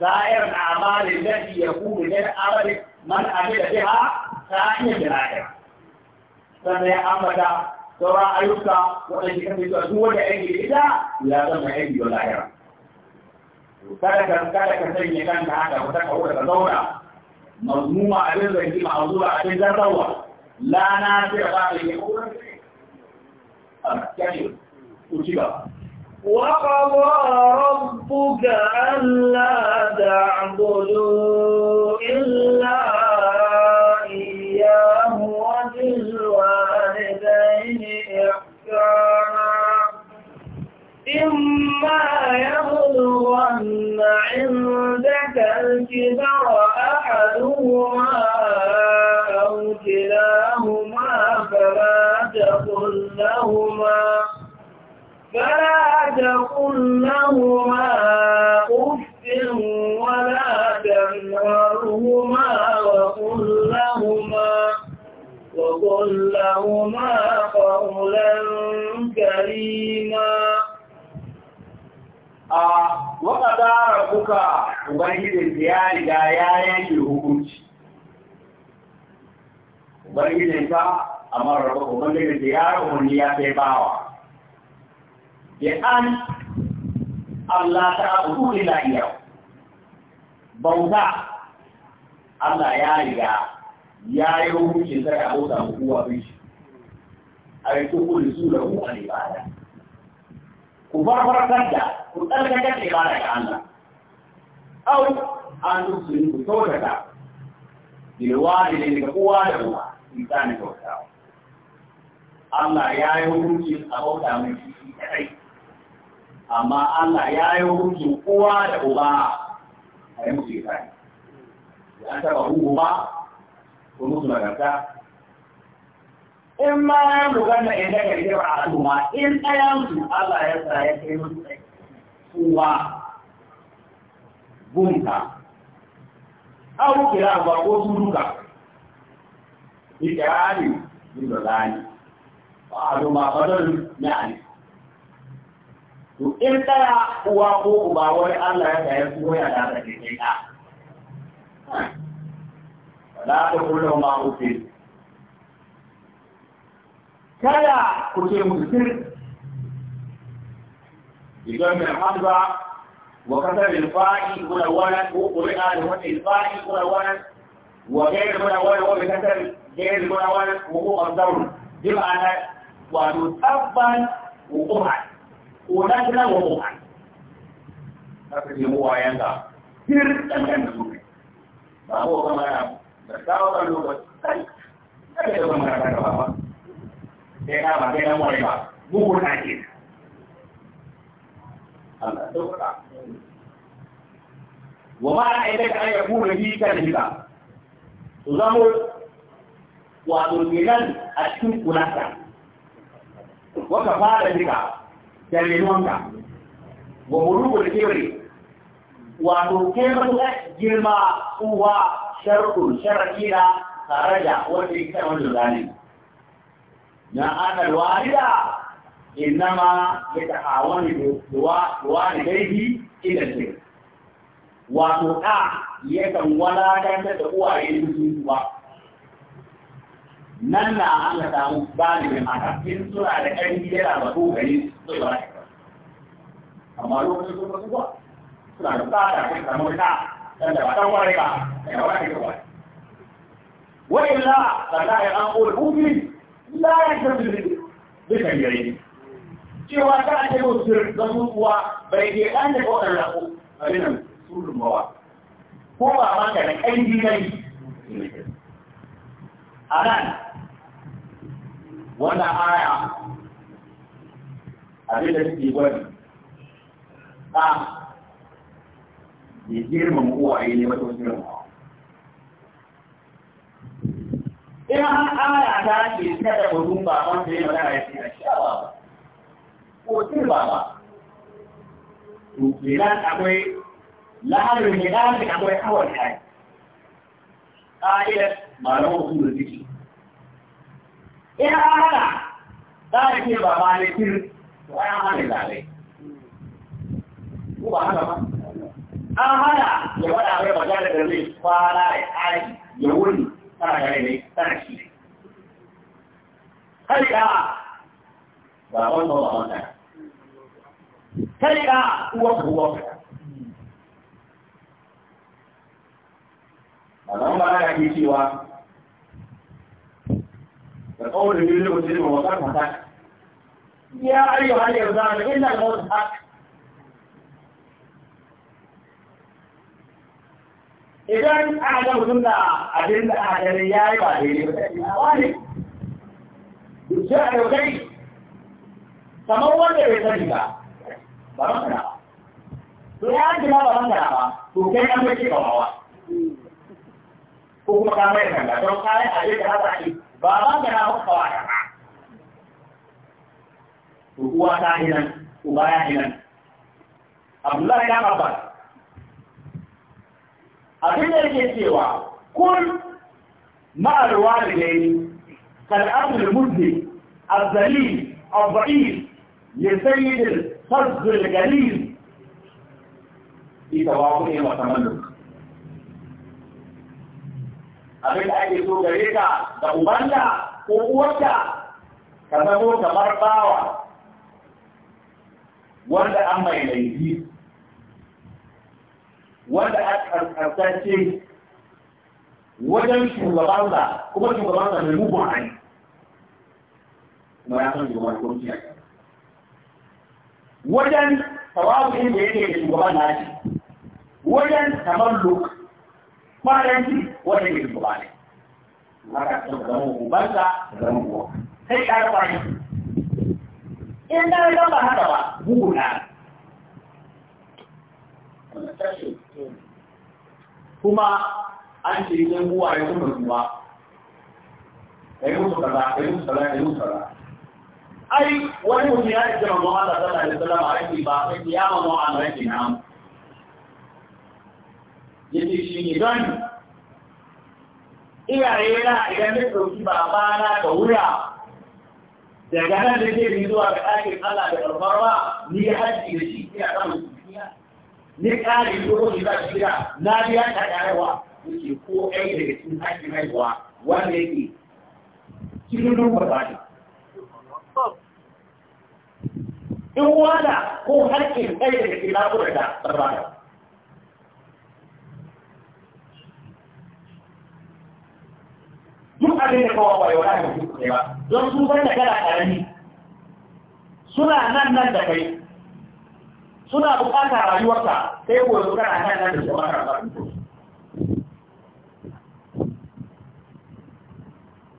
سائر الأعمال التي يكون غير أمر من عمل بها ثاني جناية سمع أمدا سورة أيوكا وإن كان في سورة أيوكا لا تنمى أيوكا لا يرى كذا كذا كذا كذا كذا كذا كذا كذا كذا كذا كذا مضمومة أبدا في موضوع أبدا روى لا نافع بعد يقول أبدا كذا وقضى ربك ألا تعبدوا إلا إياه وبالوالدين إحسانا إما يبلغن عندك الكبر أحدهما أو كلاهما فلا تقل لهما فلا تقل لهما أف ولا تنهرهما وقل لهما وقل لهما قولا كريما waka ya riga ya yanke hukunci ubangijinta a marar ubangijinta ya rahuni ya sai bawa بأن الله تعبدوا إلا إياه بوضع الله يا رجاء يا يوم إذا أبوت هو بيش أي تقول رسوله عن العبادة كفر فرقة كتلك كالعبادة عن أو أن تسلم كتوتك بالوالد لكقوة لهما إنسان كوتاو Allah ya yi hukunci a bauta mai shi kaɗai amma Allah ya yi hukuncin kowa da uba a yi musu ikani da an taba hugu ba ko mutu maganta in ma ya bugar da inda ka rike ba a kuma in ɗayan su Allah ya sa ya kai musu kowa gunka abu kira ba ko su duka ikirani yin da zani ba a ma fadar na alif to in ɗaya uwa ko uba wani Allah ya kayar kuma ya da ta ke ka za ta kullum ma ufe kada ku ce musu sir idan mai hamza wa kasar ilfa'i kuna wani ko ƙuri'a da wani ilfa'i kuna wani wa gairi kuna wani wani kasar gairi kuna wani ko ko ɓangaren bi ma'ana wato tabban hukumar ولا كلا وضوء لكن يمو عيانا يرتكن سوك ما هو دليلونك وبلوغ الكبر wato ke matuƙa girma uwa sharku sharakira karaja wanda ya kai wanda zane na anar walida innama ya ta'awani duwa da gaibi ila ce wato ɗa ya kan wala da uwaye su ba nan na an samu ba ne mata in suna da ƙarfi yana da ko gari su ba shi amma lokacin sun fasu ba suna da tsada kai samu ta dan da ba dan ware ba da wani ke wani wa illa sala ya an qul mu'min la yakfur bi kayyari cewa ta ce ko sir da mutuwa bai ke dan da ko dan rako abinan sulun bawa ko ba ma da ƙarfi ne a nan wanda aya abin da suke gwani ba ya girma uwaye ne mata wasu girma ina an aya ta ke kada mutum ba wanda ya magana ya ce a sha ba ko tir ba ba to kenan akwai laharin ne da akwai hawan kai ƙa'idar malamu usul jiki. ina hana a ce ba malikin to ai an hana ha an ya faɗa da zai kwana da tsari ya Ha gare ne tana shi ne kai ba wanda ba Ha kai ka uwa ka uwa ba zan ba na cewa فقول من المسلم وقف حق يا أيها الإنسان إلا الموت حق إذن أعلم سنة أدلة أعلمية وأدلة وأدلة يجعل يدعي kamar wanda bai sani ba ba ba kana ba to ya ji ma ba kana ba to kai an bace ba ba ko kuma ka mai kan da don kai a yi da haka baban da na maka wa da ba to uwa ta hinan uba ya hinan abdullahi ya babba abin da yake cewa kun ma'arwa da gani kal'abul muddi الذليل الضعيف لسيد الفرد الجليل في توافقه وتملك abin da ake so gare ka da ubanka ko uwarka ka zamo kamar bawa wanda an mai laifi wanda a karkarsace wajen shugabansa kuma shugabansa mai mugun hanyar kuma ya san shugaban turkiya wajen tawabu inda yake da shugaban nashi wajen tamalluk kwanan wata ne ba ne maka su zama ubanka zama uwa sai ƙara kwani in da ya ba haka ba bugu na kuma an ce idan buwa ya kuma kuma Ayi musu kaza ayi musu kaza ayi musu kaza ai wani mutum ya ce manzo Allah sallallahu alaihi wasallam a rafi ba sai ya manzo Allah rafi na mu yace shi don iyaye na idan da ba babana da wura daga nan da ke zuwa ga ɗakin Allah da ƙarfarwa ni ya haji da shi ina samun kusiya ni ƙari ko ni ba shi da na biya ta ƙarewa wuce ko ɗaya daga cikin haƙƙin haihuwa wanda yake cikin ba ne in wada ko haƙƙin ɗaya daga cikin lafiya da ƙarfarwa duk abin da kawo kwayo na mutum kuɗe ba don su san da kana ƙarami suna nan nan da kai suna buƙatar rayuwarka sai ko yanzu kana nan nan da su maka ba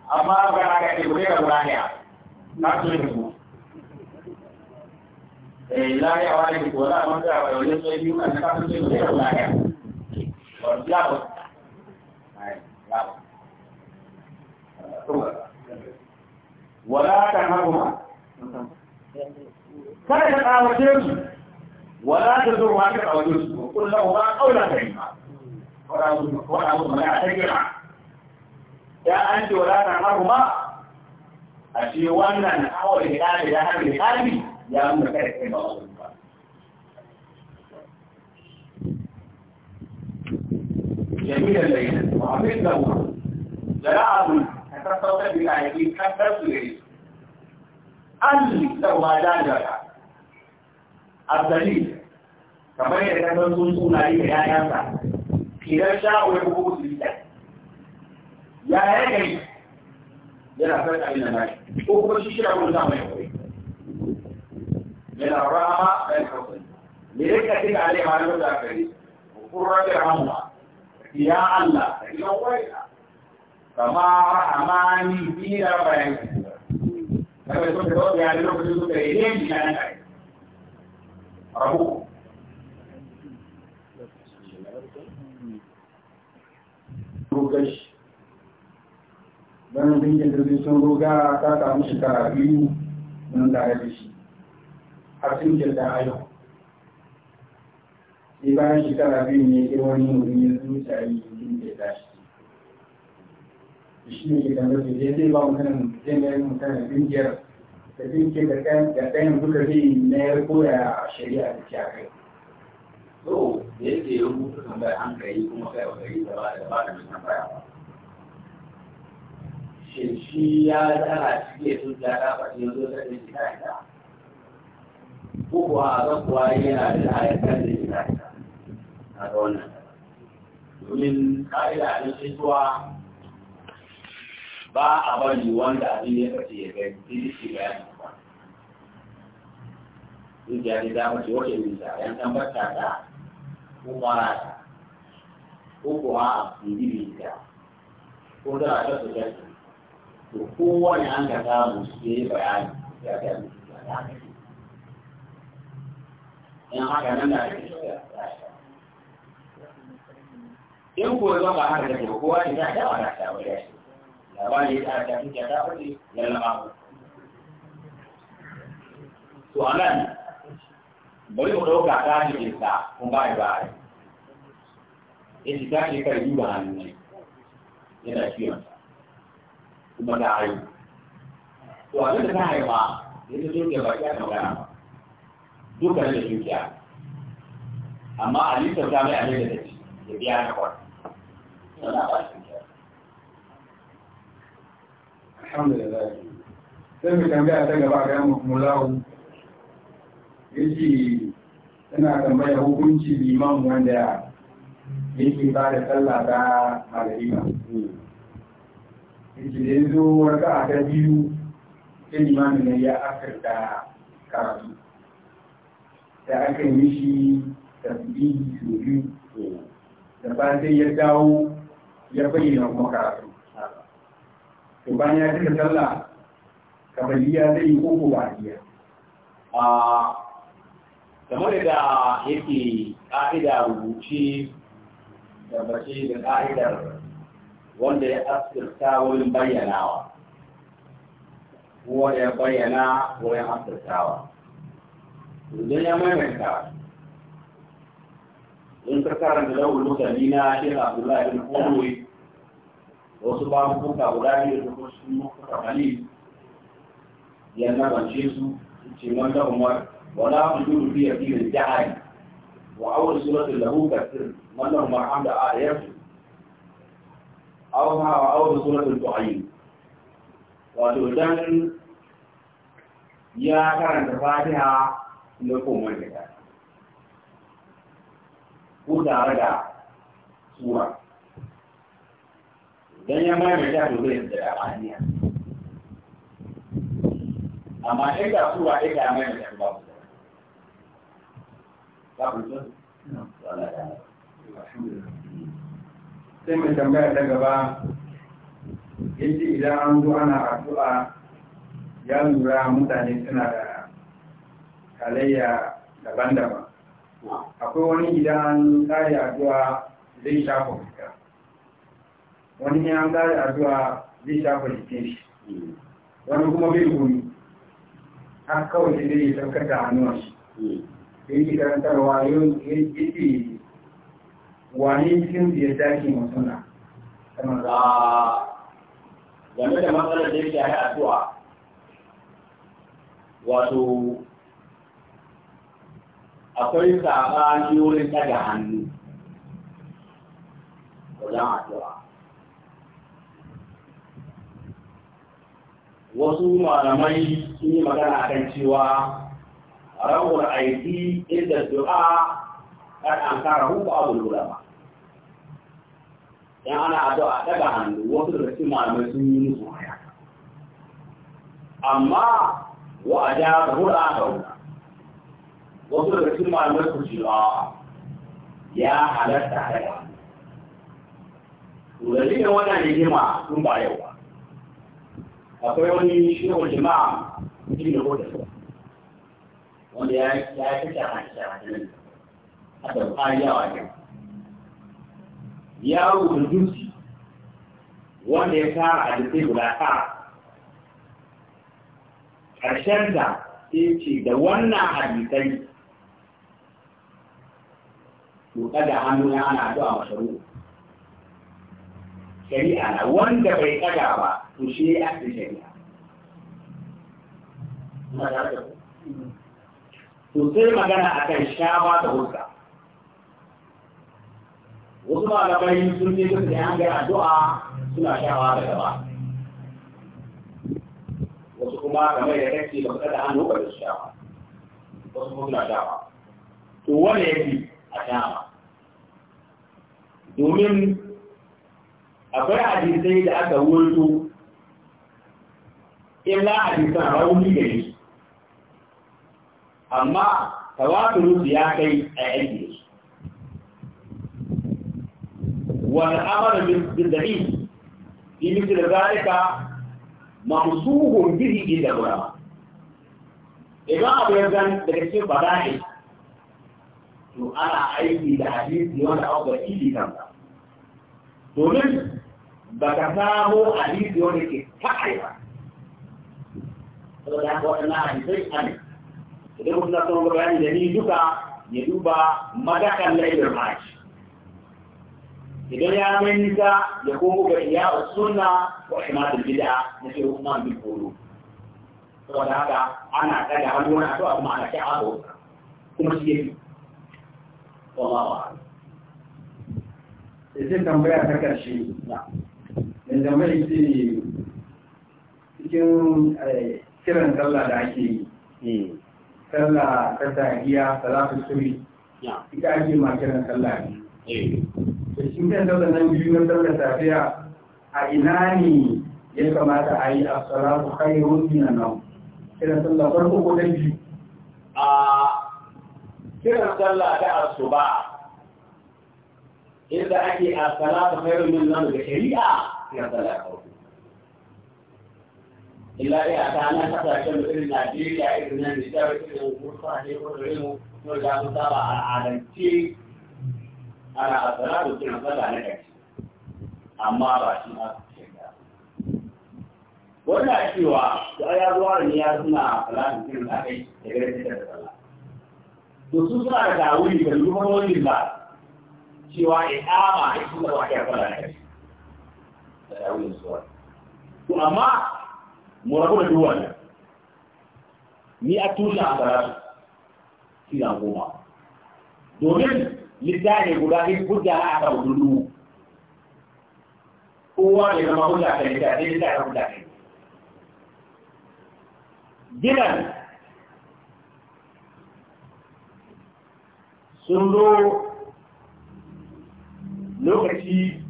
amma ga na ga ɗaya ga buraniya eh, na su ne ku eh la ya wani ko la mun ga wani sai biyu kan ka su ne ga buraniya ya ba ya ba ولا تنهرهما فرق القاوتين ولا تزرهما في القاوتين وقل لهما أولى كريمة ولا أظلم لا أعتقد يا أنت ولا تنهرهما أشي وانا نحاول هلاك يا هم لقلبي يا أم كريمة جميل الليل وعفيت لهما جلاء ka sauka da kayayyaki kan karsu ne an sarwa dajaka azali kamar yadda kan sun suna yi da yayansa idan sha'o ya bugu su yi ya ya gari yana sarka abin da nashi ko kuma shi shira wani zama ya kwai yana rama ɗan kawai me ya kace da alai ma na da kare kurra da rahama ya Allah ya wai kama amani bila bayan kada su da wani yare lokacin su da yare shi na nan kai rabu rogashi don zingin da sun roga ta samu shekara biyu nan tare da shi har sun a yau. sai bayan shekara biyu ne irin wani mutum ya zuciya yi jirgin da ya shi ne ke tambar da zai ba mutum zai mayar mutum da kungiyar da kungiyar da kan da ɗayan duka zai mayar koya shari'a da ke akai. to da yake ya rubuta tambaya an kai kuma kai wa gari da ba da ba da mai tambaya ba. shin shi ya tsara shi sun ja ta ba shi yanzu da ɗin shi ta ita. ko kuwa a ga kuwa yana da ayatar da shi ta na ga wannan. domin ka'ida a nan sai ba a bari wanda abin ya kace ya ga yana ba in ya ji da mace wace ne da yan dan barka da kuma ko kuwa a da ko da an ga samu su yi bayani ya ga mu da yan haka nan da ake in ko zo ba haka da ta wani ya ta hujja ta faɗi lallama to a nan bari mu ɗauka ta cikin sa kun ba ya baya yadda ta ce kar yi ba hannu ne yana ciwon kuma ta hayu to a nan da ta haifa yadda ta ke baki a magana ba dukkan da dukiya amma a lissa ta mai abin da ta ci da biya na kwan. Wannan ba shi alhamdulillah sai mu tambaya hukunci liman wanda yake ba da ta da a biyu ta ne ya afirka karatu da aka yi mishi biyu da ba ya dawo ya bayyana kuma karatu to ban ya cika sallah kabaliya zai yi koko ba iya a game da yake ƙa'ida rubuce da bace da ƙa'idar wanda ya asirta wurin bayyanawa ko ya bayyana ko ya asirtawa idan ya maimaita in ka karanta lauyin mutane na shirin abdullahi bin kowai wasu kuka guda biyu da kuma sun muka hali ya nabance su ce wanda umar wala ya fi yaqin jahari wa awwal suratul lahu kasir wanda umar hamda ayatu aw ha wa awwal suratul ayi. wato dan ya karanta fatiha na komai da Ku tare da sura dan ah, ya mai da to zai da amaniya amma in ga su wa ga mai da ba ku ba ku sai mai tambaya ta gaba yace idan an zo ana addu'a ya lura mutane suna da kalayya daban-daban akwai wani idan an tsari addu'a zai shafa fuska wani in an kare addu'a zai shafa jikin shi wani kuma bai gumi har kawai da zai saukar da hannuwa shi da yake karantarwa yake wani cikin da ya dace mu suna kamar game da matsalar da ya yake haɗa addu'a wato akwai saɓani wurin ɗaga hannu wajen addu'a wasu malamai sun yi magana a kan cewa rawar aiki inda du'a kan an kara hukun abu lura ba yan ana addu'a daga hannu wasu daga cikin malamai sun yi musu haya amma wa a ja da hura da hura wasu daga cikin malamai su ce a ah, ya halatta daga hannu to dalilin wannan rigima sun ba yau ba akwai wani shirin jama'a mutum da hoda wanda ya yi ta shara da shara nan a da kwari yawa ne ya rubuta dutse wanda ya tara a dutse guda tara ƙarshen ta, sai ce da wannan hadisai duka da hannu ana zuwa masharu shari'a na wanda bai tsaga ba to shi ya ake shari'a to sai magana a kan shawa da hulka wasu malamai sun ce duk da an ga addu'a suna shawa da gaba wasu kuma kamar da kake ba kada an roƙa da shawa wasu kuma suna shawa to ya fi a shawa domin akwai hadisai da aka wurto illa hadisan rauni da shi amma tawaturu ya kai a aiki da shi wal amr bil da'i fi mithl zalika mamsuhun bihi inda ulama idan abu ya zan daga cikin bada'i to ana aiki da hadisi wanda abu da ili kansa domin ba ka samu hadisi wanda ke takai ba saboda haka waɗannan hadisai a ne idan bayani da ni duka ya duba madakan laifin maji idan ya mai nisa ya komo ga iya a suna bid'a na shi Usman bin Kulu saboda haka ana kada hannu wani addu'a kuma ana kai abu kuma shi yake wallahi sai sai tambaya ta karshe da mai ce cikin eh, kiran sallah da ake yi hmm. sallah ta tahiya salatu suri ita ake ma kiran sallah ne da eh. shi kan sallah nan biyu na sallah tafiya a ina ne ya kamata a yi a salatu khairun min nan kiran sallah farko ko da biyu a kiran sallah ta asuba inda ake a salatu khairun min nan da shari'a Ya sallah farko illa iya ta na irin Najeriya irin nan da jihar irin Musa ne ko da shi a wannan cewa da ya zuwa da ya suna salatin ta da kai da garin da sallah to cewa da wa ya da amma mu rabu da duk wannan ni a tushen a karatu suna goma domin littafi guda ɗin hujja na aka wudu kowa ne zama hujja ka littafi ɗin littafi hujja ka gidan sun zo lokaci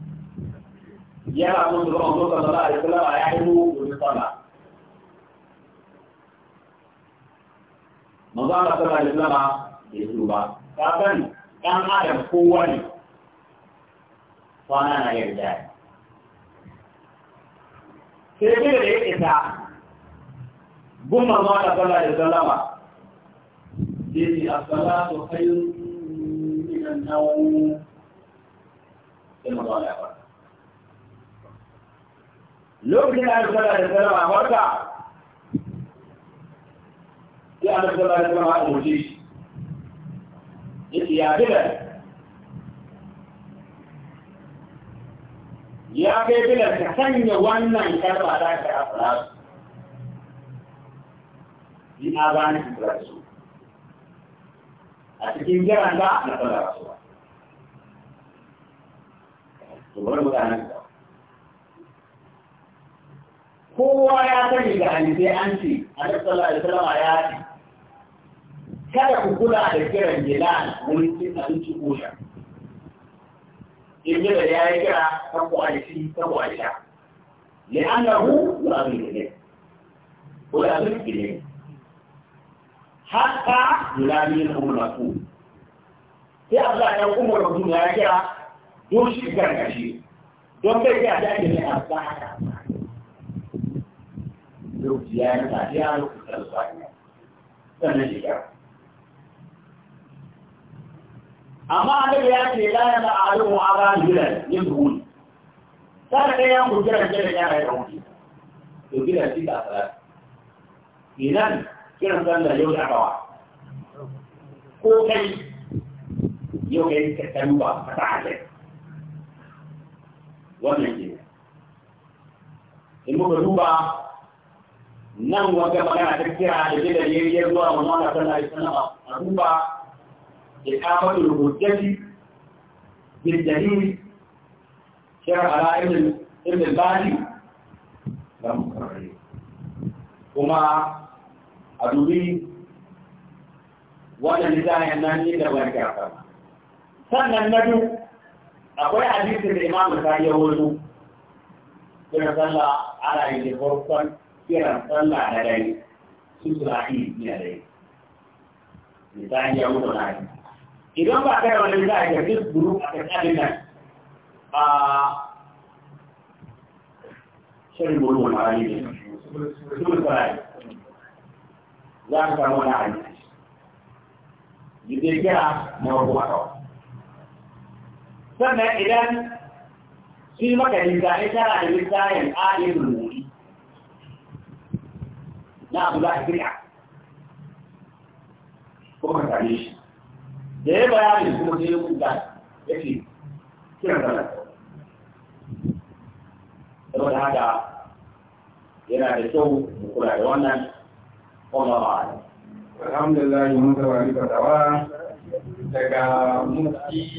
yana so su zama zo sallallahu alaihi wasallam a yayin mu domin sallah maza Allah sallallahu alaihi wasallam bai so ba ka san dan adam kowa ne kwana na yarda sai dai da ya isa gun maza Allah sallallahu alaihi wasallam sai ji as-salatu khayrun min an-nawm sai maza Allah ya fara lokacin da ya sallallahu alaihi wasallam a farka sai an zama da zama a ɗauke yake ya bila ya kai bila ka sanya wannan karba da ka afra in a bani su da su a cikin jiran da na fara su to bari mutanen da kowa ya sani da hadisai an ce a sallallahu alaihi wasallam ya ce kada ku kula da kiran Bilal wurin cin abinci ko sha. In Bilal ya yi kira ta kwalishi ta kwalisha. Li'annahu wa abin ne. Ko da abin ne. Hatta Bilal yin umar masu. Sai Allah ya umar masu ya kira don shi gargashi. Don kai ya dace ne a ba haka. Lokaci ya yi tafiya lokacin da zuwa ne. Sannan shi kira. amma annabi ya ce la yana alu azan hilal yin duhun kada dai yan gurgura da kira yana yi rauni to gida shi da tsara idan kiran sallah yau da rawa ko kai yau kai ka tanuwa ka ta hajji wannan ke in muka duba nan wanda magana ta kira da gida yayi zuwa manzon Allah sallallahu alaihi wasallam a duba إقامة الحجة بالدليل شرع على ابن ابن الباني لا مكرر كما أدوبي wannan littafin nan ne da wani kafa sannan na duk akwai hadisi da imamu ta yi wasu kiran sallah ana da farkon kiran sallah na dai su sulahi ne dai littafin ya wuce na hadisi idan ba kai wannan za a yi duk guru a tsakanin nan a shirin guru wani hali ne sun sarai za ka samu wani hali ne zai kira na wasu makawa sannan idan shi maka nisa ya tara da misayin ayin rumuri na abu za ka kira ko ka same shi da ya bayani kuma sai ya kuka ya ce kiran sana saboda haka yana da kyau mu kula da wannan kuma ba alhamdulillah mun saurari fatawa daga mufti